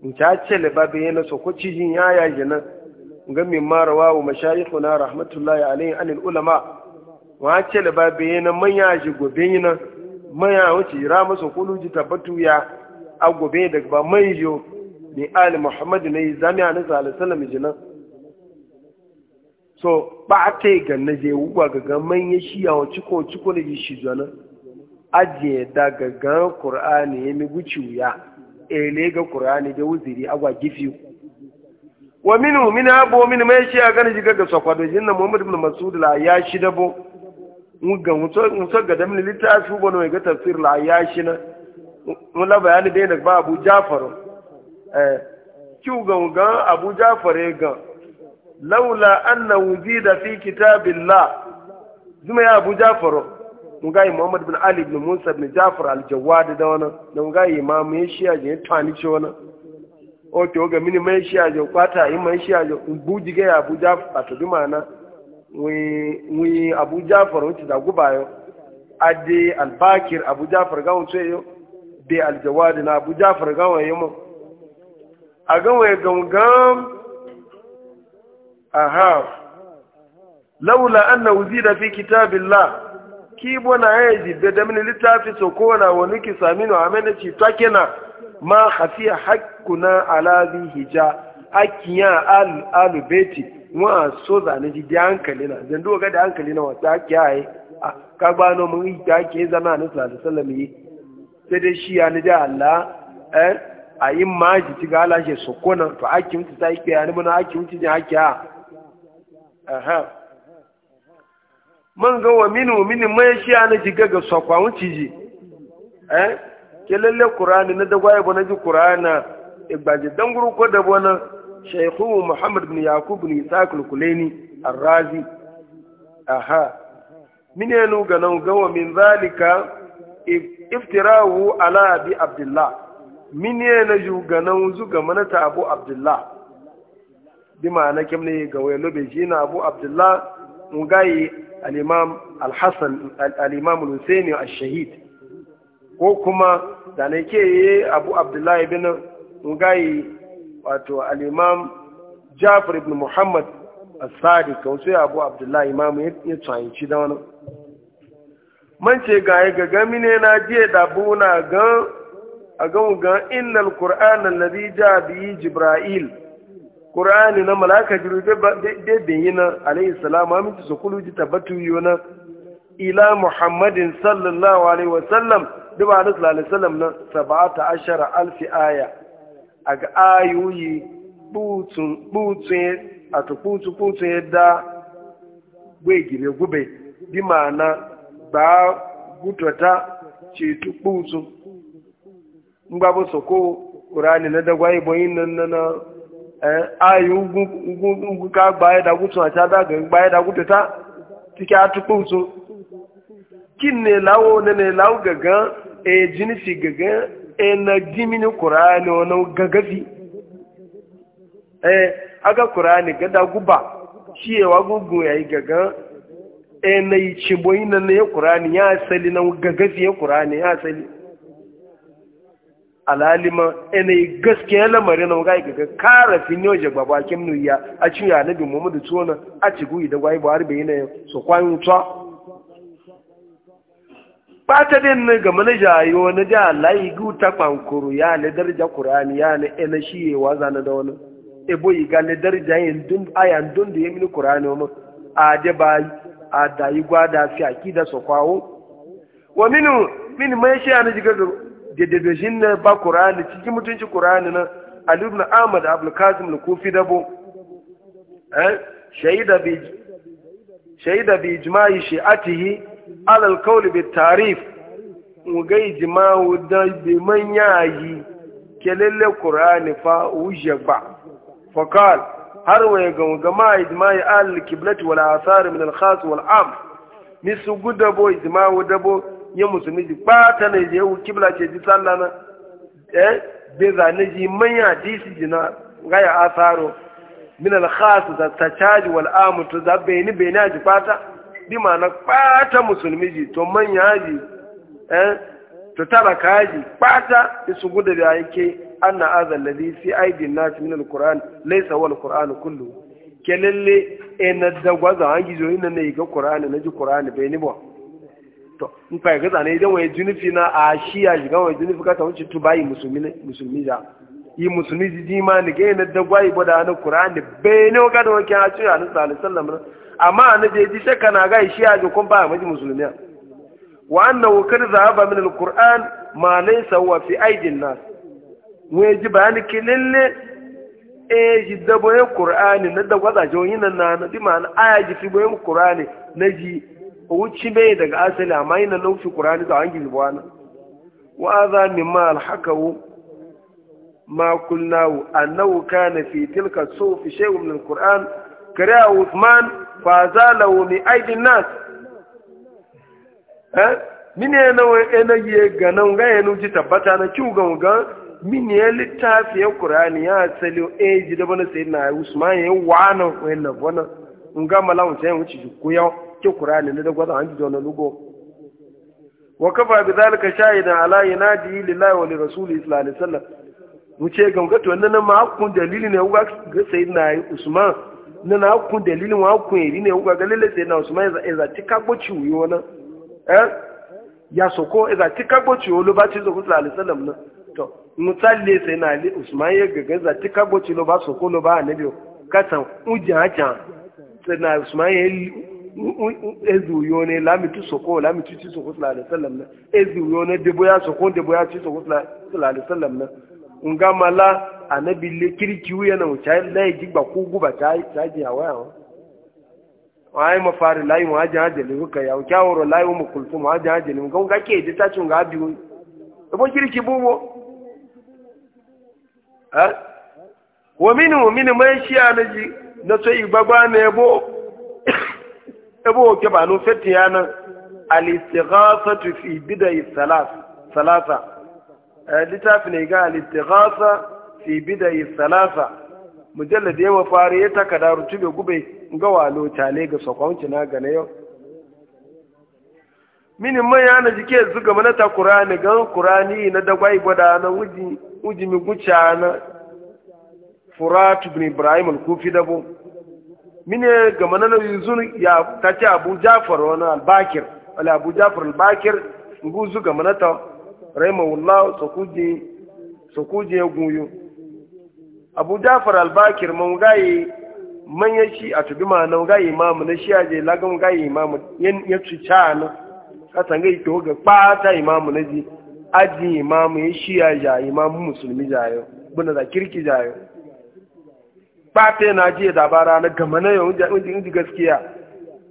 in ta ce babu yana so ko cijin ya yaji nan ga min marawa wa mashayikhuna rahmatullahi alaihi anil ulama wa ce babu yana manya ji gobe yana maya wuce rama masa kulu ji tabbatu ya agobe daga ba mai yo ni ali muhammad ne zamiya na salisalam nan? so ba ta yi ganna je wuwa gaga ya shi yawon ciko ciko ne ji shi zuwa ajiye da gaga kur'ani ya mi guci wuya ele ga kur'ani da wuziri agwa gifi wa minu min abu min mai shi a gani ji ga sakwado jinna muhammad ibn masud la ya shi dabo ga musa ga damni littafi wani mai ga tafsir la ya shi na mula bayani dai da ba abu jafar eh kiu ga ga abu jafar ga laula anna wuzida fi kitabillah zuma ya abu jafar mun ga muhammad bin ali bin musa bin jafar al-jawad da wannan da mun ga imam ya shi ya je tani ce wannan o to ga mini mai shi ya je kwata yi mai shi ya je buji ga abu jafar ta bi wi abu jafar wuce da gubayo adi albakir abu jafar gawon wuce yau bi aljawadi na abu jafar gawon yi mu a waye gangan aha laula anna uzida fi kitabillah ki bona ya jibbe da min littafi so ko na wani ki sami no amene ci na ma khafiya haqquna ala hija akiya al alubeti wa so na ji da hankali na zan doga da hankali na wata ake a ka gbano mun yi ta ke zama na sallallahu alaihi wasallam yi sai dai shi ya nija Allah eh a yi maji ci ga Allah sokona to ake mutu sai ke ya ni mun ake mutu ne ake ha aha man ga wa minu minu mai shi ya ni jiga ga sokwa wuci ji eh ke lalle qur'ani na da gwaye bona ji qur'ana igbaje guru ko da na. shaykhu Muhammad bin Yaqub bin Isaac al-Kulaini ar-Razi aha mine nu ganan gawa min zalika iftirahu ala bi Abdullah mine na ju ganan zu ga manata Abu Abdullah bi ma'ana ne ga wayo be jina Abu Abdullah mugayi al-Imam al-Hasan al-Imam al-Husaini ash-Shahid ko kuma da nake Abu Abdullah ibn mugayi wato al'imam jafar ibn muhammad asadi sadi sai abu abdullahi imam ya tsayanci da wani man ce ga yi ga gami ne na je da na gan a gan gan innal qur'ana alladhi ja bihi Jibra'il ƙura'ani na malaka jiru da bin na alayhi salam amin su kulu ji yi wani ila muhammadin sallallahu alaihi wasallam da ba na sallallahu alaihi wasallam alfi aya aga ayu yi butu butu e, ato butu butu e da gwegire dị bi mana ba gutota ci tu soko qur'ani nedegwa da gwai na na na e, ayu gu ka gba da gutu ata da ga gba da gutota tike lawo ne lawo gaga ina eh, na jimini ƙurani wani gagafi e aga ƙurani gada guba wa gugu ya yi gaga ina eh, yi ciboyi na na ya ƙurani ya asali na gagafi ya ƙurani ya asali alalima ina na yi ya lamari na ga gaga kara fi ne wajen babakin nuyi a cikin yanabi muhammadu tsona a cikin idan buhari har bayyana su kwan tuwa bata din ne ga mana yi na da layi guta kwankuru ya ne darja qur'ani ya ne ina shiye wa na da wani ebo yi ga ne darja yin dun aya dun da yimi qur'ani mu a je ba a da yi gwada fi akida so kwawo wa minu min mai shi an jiga da da da na ba qur'ani cikin mutunci qur'ani na ali na ahmad abdul na al-kufi bo. eh shaida bi shaida bi ijma'i shi'atihi alal kauli bi tarif ngai jima'u da bi man yayi kelele qur'ani fa ujaba fakal har waye ga gama ijma'i al qiblat wal athar min al khas wal am ni su guda bo ijma'u da bo ya musulmi ji bata ne je u qibla ce ji sallana eh be za ne ji man ya disi jina ngaya asaro min al khas da ta wal am to da be ni be na ji bata bi ma'ana ɓata musulmi ji to manya ji eh to talaka ji ɓata su gudu da yake an na azan ladi fi aidin nasi min alquran laysa wal quran kullu ke lalle e na dagwaza an gizo ina ne ga qur'ani na ji qur'ani bai ni ba to in fa ga zane idan wai junufi na a shiya shiga wai junufi ka ta wuce tu bai musulmi musulmi da yi musulmi ji ma ni ga na dagwai ba da na qur'ani bai ne ga da wakin a cikin ni sallallahu alaihi wasallam amma na je ji shakka na ga shi a kun ba maji musulmiya. wa annahu kad zahaba min alquran ma laysa huwa fi aidin nas mu ji bayani ke e ji dabo ya qur'ani na da gwaza jo yin nan na bi ma'ana aya ji fi bayan qur'ani na ji wuci bai daga asali amma yin nan fi qur'ani da hangi bwana wa adha mimma alhaqahu ma kulnahu annahu kana fi tilka sufi shay'un min alquran kariya Uthman fazalau ni aidin nas eh mini na wai ena ye nga ga ya nuji tabbata na kiu ga ga mini ya littafi ya qur'ani ya saliu e ji da bana sayyidina usman ya wana wala wana nga malawun sai wuci ku yau ki qur'ani ne da gwada an ji da lugo wa kafa bi zalika shahidan ala yanadi lillahi wa li rasuli sallallahu alaihi wasallam mu ce ga ga to nan ma kun dalili ne ga sayyidina usman na na kun dalilin wa kun yi ne kuka ga lalle sai na Usman ya za ti kagbo ciwo na eh ya soko ya za ti kagbo ciwo lo ba ci zo sallallahu alaihi wasallam na to mutalle sai na Ali Usman ya gaga za ti kagbo ciwo lo ba soko lo ba annabi katan uja ja sai na Usman ya ezuyo ne lamitu soko lamitu ci soko sallallahu alaihi wasallam na ezuyo ne debo ya soko debo ya ci soko sallallahu alaihi wasallam na Ngamala mala le kirki wuya na wuce lai jigba ko guba ta ji a waya wa wai ma fari lai mu haji haji le ka ya wuce woro lai mu kulfu mu haji haji le ga ke ji ta cin ga biyu ibo kirki bubo ha wa minu minu mai shi anaji na so igbagba na ebo ebo ke ba no fetiya na al-istighathatu fi bidai salasa Eh, littafi ne ga al-istighatha fi bidai salasa mujallad yawa fare ya taka da rutube gube ga walo tale ga sokwanci na ga yau minin mai yana jike zuga mana ta qur'ani ga qur'ani na dagwai gwada na uji uji mi guca na furat ibn ibrahim al-kufi dabo mine ga mana na yuzun ya tace abu jafar wani al-bakir wala abu jafar al-bakir ngu zuga mana ta rahimahullah su kuje guyu abu jafar albakir man gaye manyan shi a tubi ma nan gaye imamu na shi aje lagan gaye imamu ya cuca na kasan gai to ga kpata imamu na ji aji imamu ya shi ja imamu musulmi jayo buna da kirki jayo kpata yana ji da bara na gama na yau inji gaskiya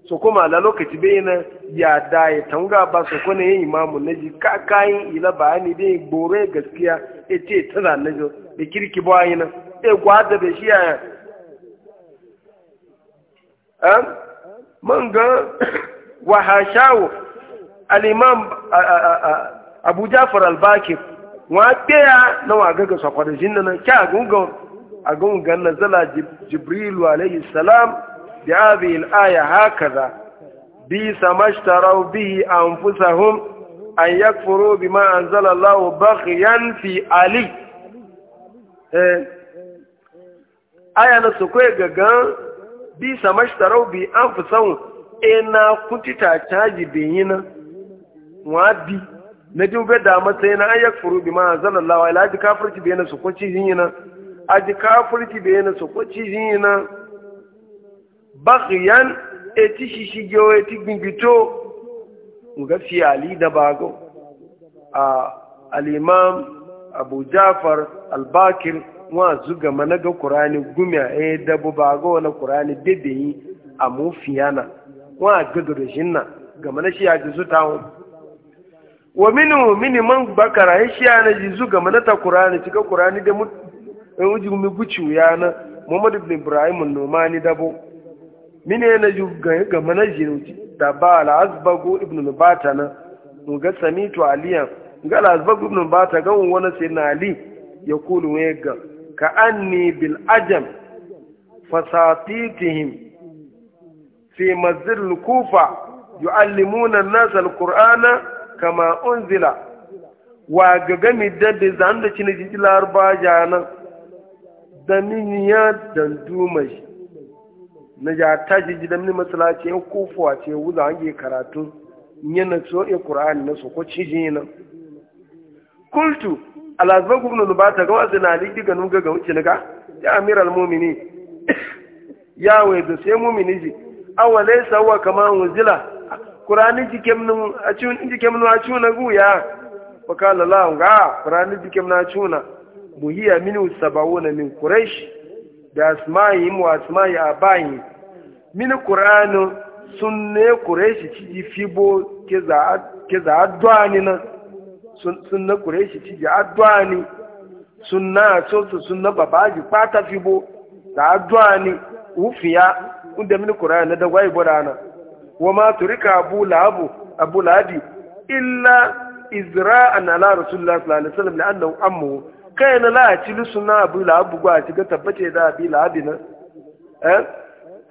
so kuma na lokaci bai na ya da ya tanga ba su kuna yin imamu na ji kakayin ila ba ni dai bore gaskiya ya e ce tana na jo da kirki ba yi nan ya e gwada da shi yaya man ga wa hashawo al-imam abu jafar al-bakir wa ɗaya na wa gaga sakwadashin nan kya gungan a gungan nazala jibrilu alayhi salam bi hadhihi al-aya hakaza bisa mashtarau bihi anfusahum an yakfuru bima Allahu baghyan fi ali aya na su kai gagan bisa mashtarau bi anfusahum ina kutita caji binyina wa bi na jin bai da matsayi na an yakfuru bima anzalallahu ala ji kafirci bayyana su kwaci yinyina aji kafirci bayyana su kwaci yinyina bakiyan eti shishi gyo eti gbingbito nga fi ali da bago a al'imam abu jafar albakir bakir wa zuga managa kurani qur'ani gumiya e eh, dabu bago na qur'ani dedeyi a mufiyana wa gagado shinna ga mana shi ya jisu tawo wa minu mini man bakara shi ya na jisu ga mana ta qur'ani cika kurani da mu eh, uji mu guci yana muhammad ibn ibrahim an-numani dabo mine na ju ga manajin da ba al'azbago ibn lubata na ga samitu aliyan ga al'azbago ibn lubata ga wani sai na ali ya kulu ne ga ka anni bil ajam fasatitihim fi mazir lukufa yu'allimuna an-nasa al-qur'ana kama unzila wa ga gami da da zan da cin jilar ba jana da miniya dan dumashi na ja tashi gidan ni ce ya kofuwa ce wuza hange karatu na so ya qur'ani na so ko cije nan. kultu alazban gubnu lubata ga wasu na liki ga nuga ga wuce naga ya al mumini ya wai da sai mumini ji wale sawa kama wuzila qur'ani jikem nun a cuna jikem Ba a lalawun guya fakala la ga qur'ani jikem na cikin buhiya minu na min quraish da asma'i mu asma'i abayi mini qur'ani sunne quraishi ciji fibo ke za ke za adwani na sunna sun na adwani sunna sun sunna babaji pata fibo za addu'ani ufiya unda mini na da gwai wa ma turika abu lahabu abu lahabi illa izra'an ala rasulullah sallallahu alaihi wasallam la'annahu ammu kai na la ci lusuna abu lahabu gwa ci ga tabbace da abi lahabi na eh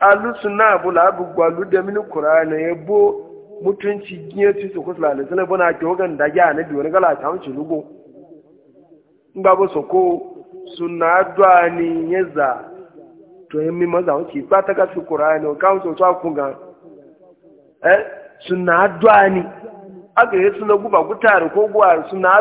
alusuna abula abugwalu da mini kurana ya bo mutunci giye su kusa da sanar bana ke wagan da ya na biyu gala ta wuce lugo in ba ba so ko suna ya to maza wuce ba ta gafi kurana ka kunga eh suna duwani aka yi suna guba gutare ko guwa suna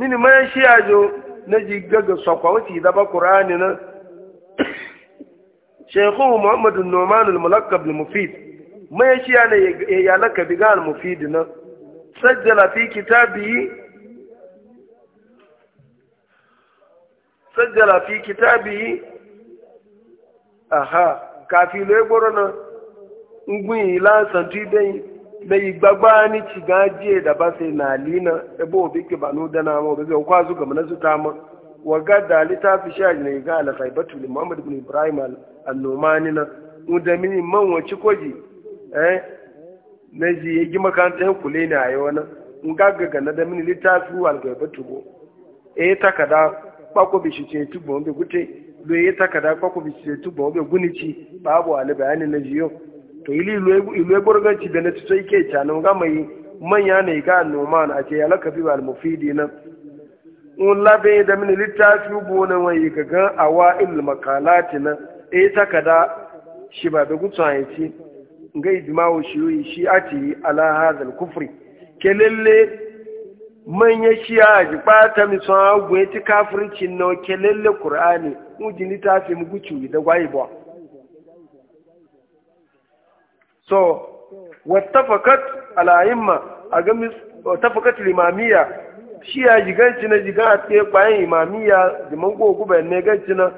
mini ma shi ajo na jigga ga sakwa wuti da ba qur'ani na shaykhu muhammad nomanul numan al-mulakkab al-mufid ma shi ana ya lakabi ga al-mufid na sajjala fi kitabihi sajjala fi kitabihi aha kafi le egboro na ngun yi lansan tu ibeyin mai gbagba ni ci gajiye da ba sai na lina ebo obi ke banu da na ma obi kwa zuga na su ta ma wa gada fi sha ne ga ala saibatu li muhammad ibn ibrahim al-numani na da min man wace koji eh na ji ya makan ta tsayin kule ne a yi wani ga gaggaga na da mini littafi al-gaibatu go eh takada kwako bi shi ce tubo be gute e eh takada kwako bi shi ce tubo be ci babu ali bayani na jiyo to ili ilu ci da na tutai ke canin ga mai manya ne ga noma na ake ya lakabi ba mufidi na un labe da mini littafi gona wai ga gan awa il makalati na e takada shi ba da gutsu hanci ga idmawo shi shi ati ala hadal kufri ke lalle manya shi a ji bata mi son agwe ti kafirci na ke lalle qur'ani mu ji littafi mu gucu da gwaiba so wattafakat al'ayimma a ga wattafakat limamiya shi ya jiganci na jigan a tsaye bayan imamiya jiman gogu bayan ne ganci na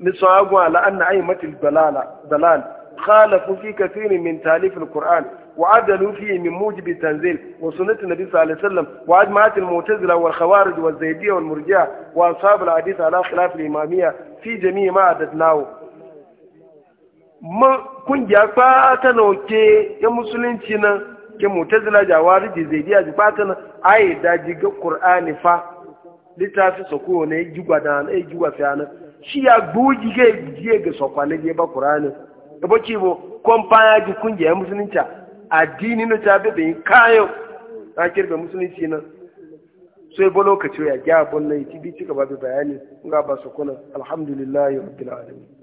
misu agwa la'anna aimatul dalal khalafu fi kathirin min talif al-qur'an وعدلوا فيه من موجب التنزيل وسنة النبي صلى الله عليه وسلم وأجمعت المعتزلة والخوارج والزيدية والمرجئة وأصحاب الحديث على خلاف الإمامية في جميع ما عددناه ma kungiya ta na ke ya musulunci na ke mutazila jawari da zai biya ji fata na ayi da ji ga qur'ani fa littafi sako ne gigwa da na gigwa fiyana shi ya buji ga jiye ga sokwane je ba qur'ani da bace bo kompanya ji kungiya musulunci addini na ta be kayo ta kirbe musulunci na sai ka lokaci ya gya bunna yi bi cika ba bayani ga ba sokona alhamdulillahi rabbil alamin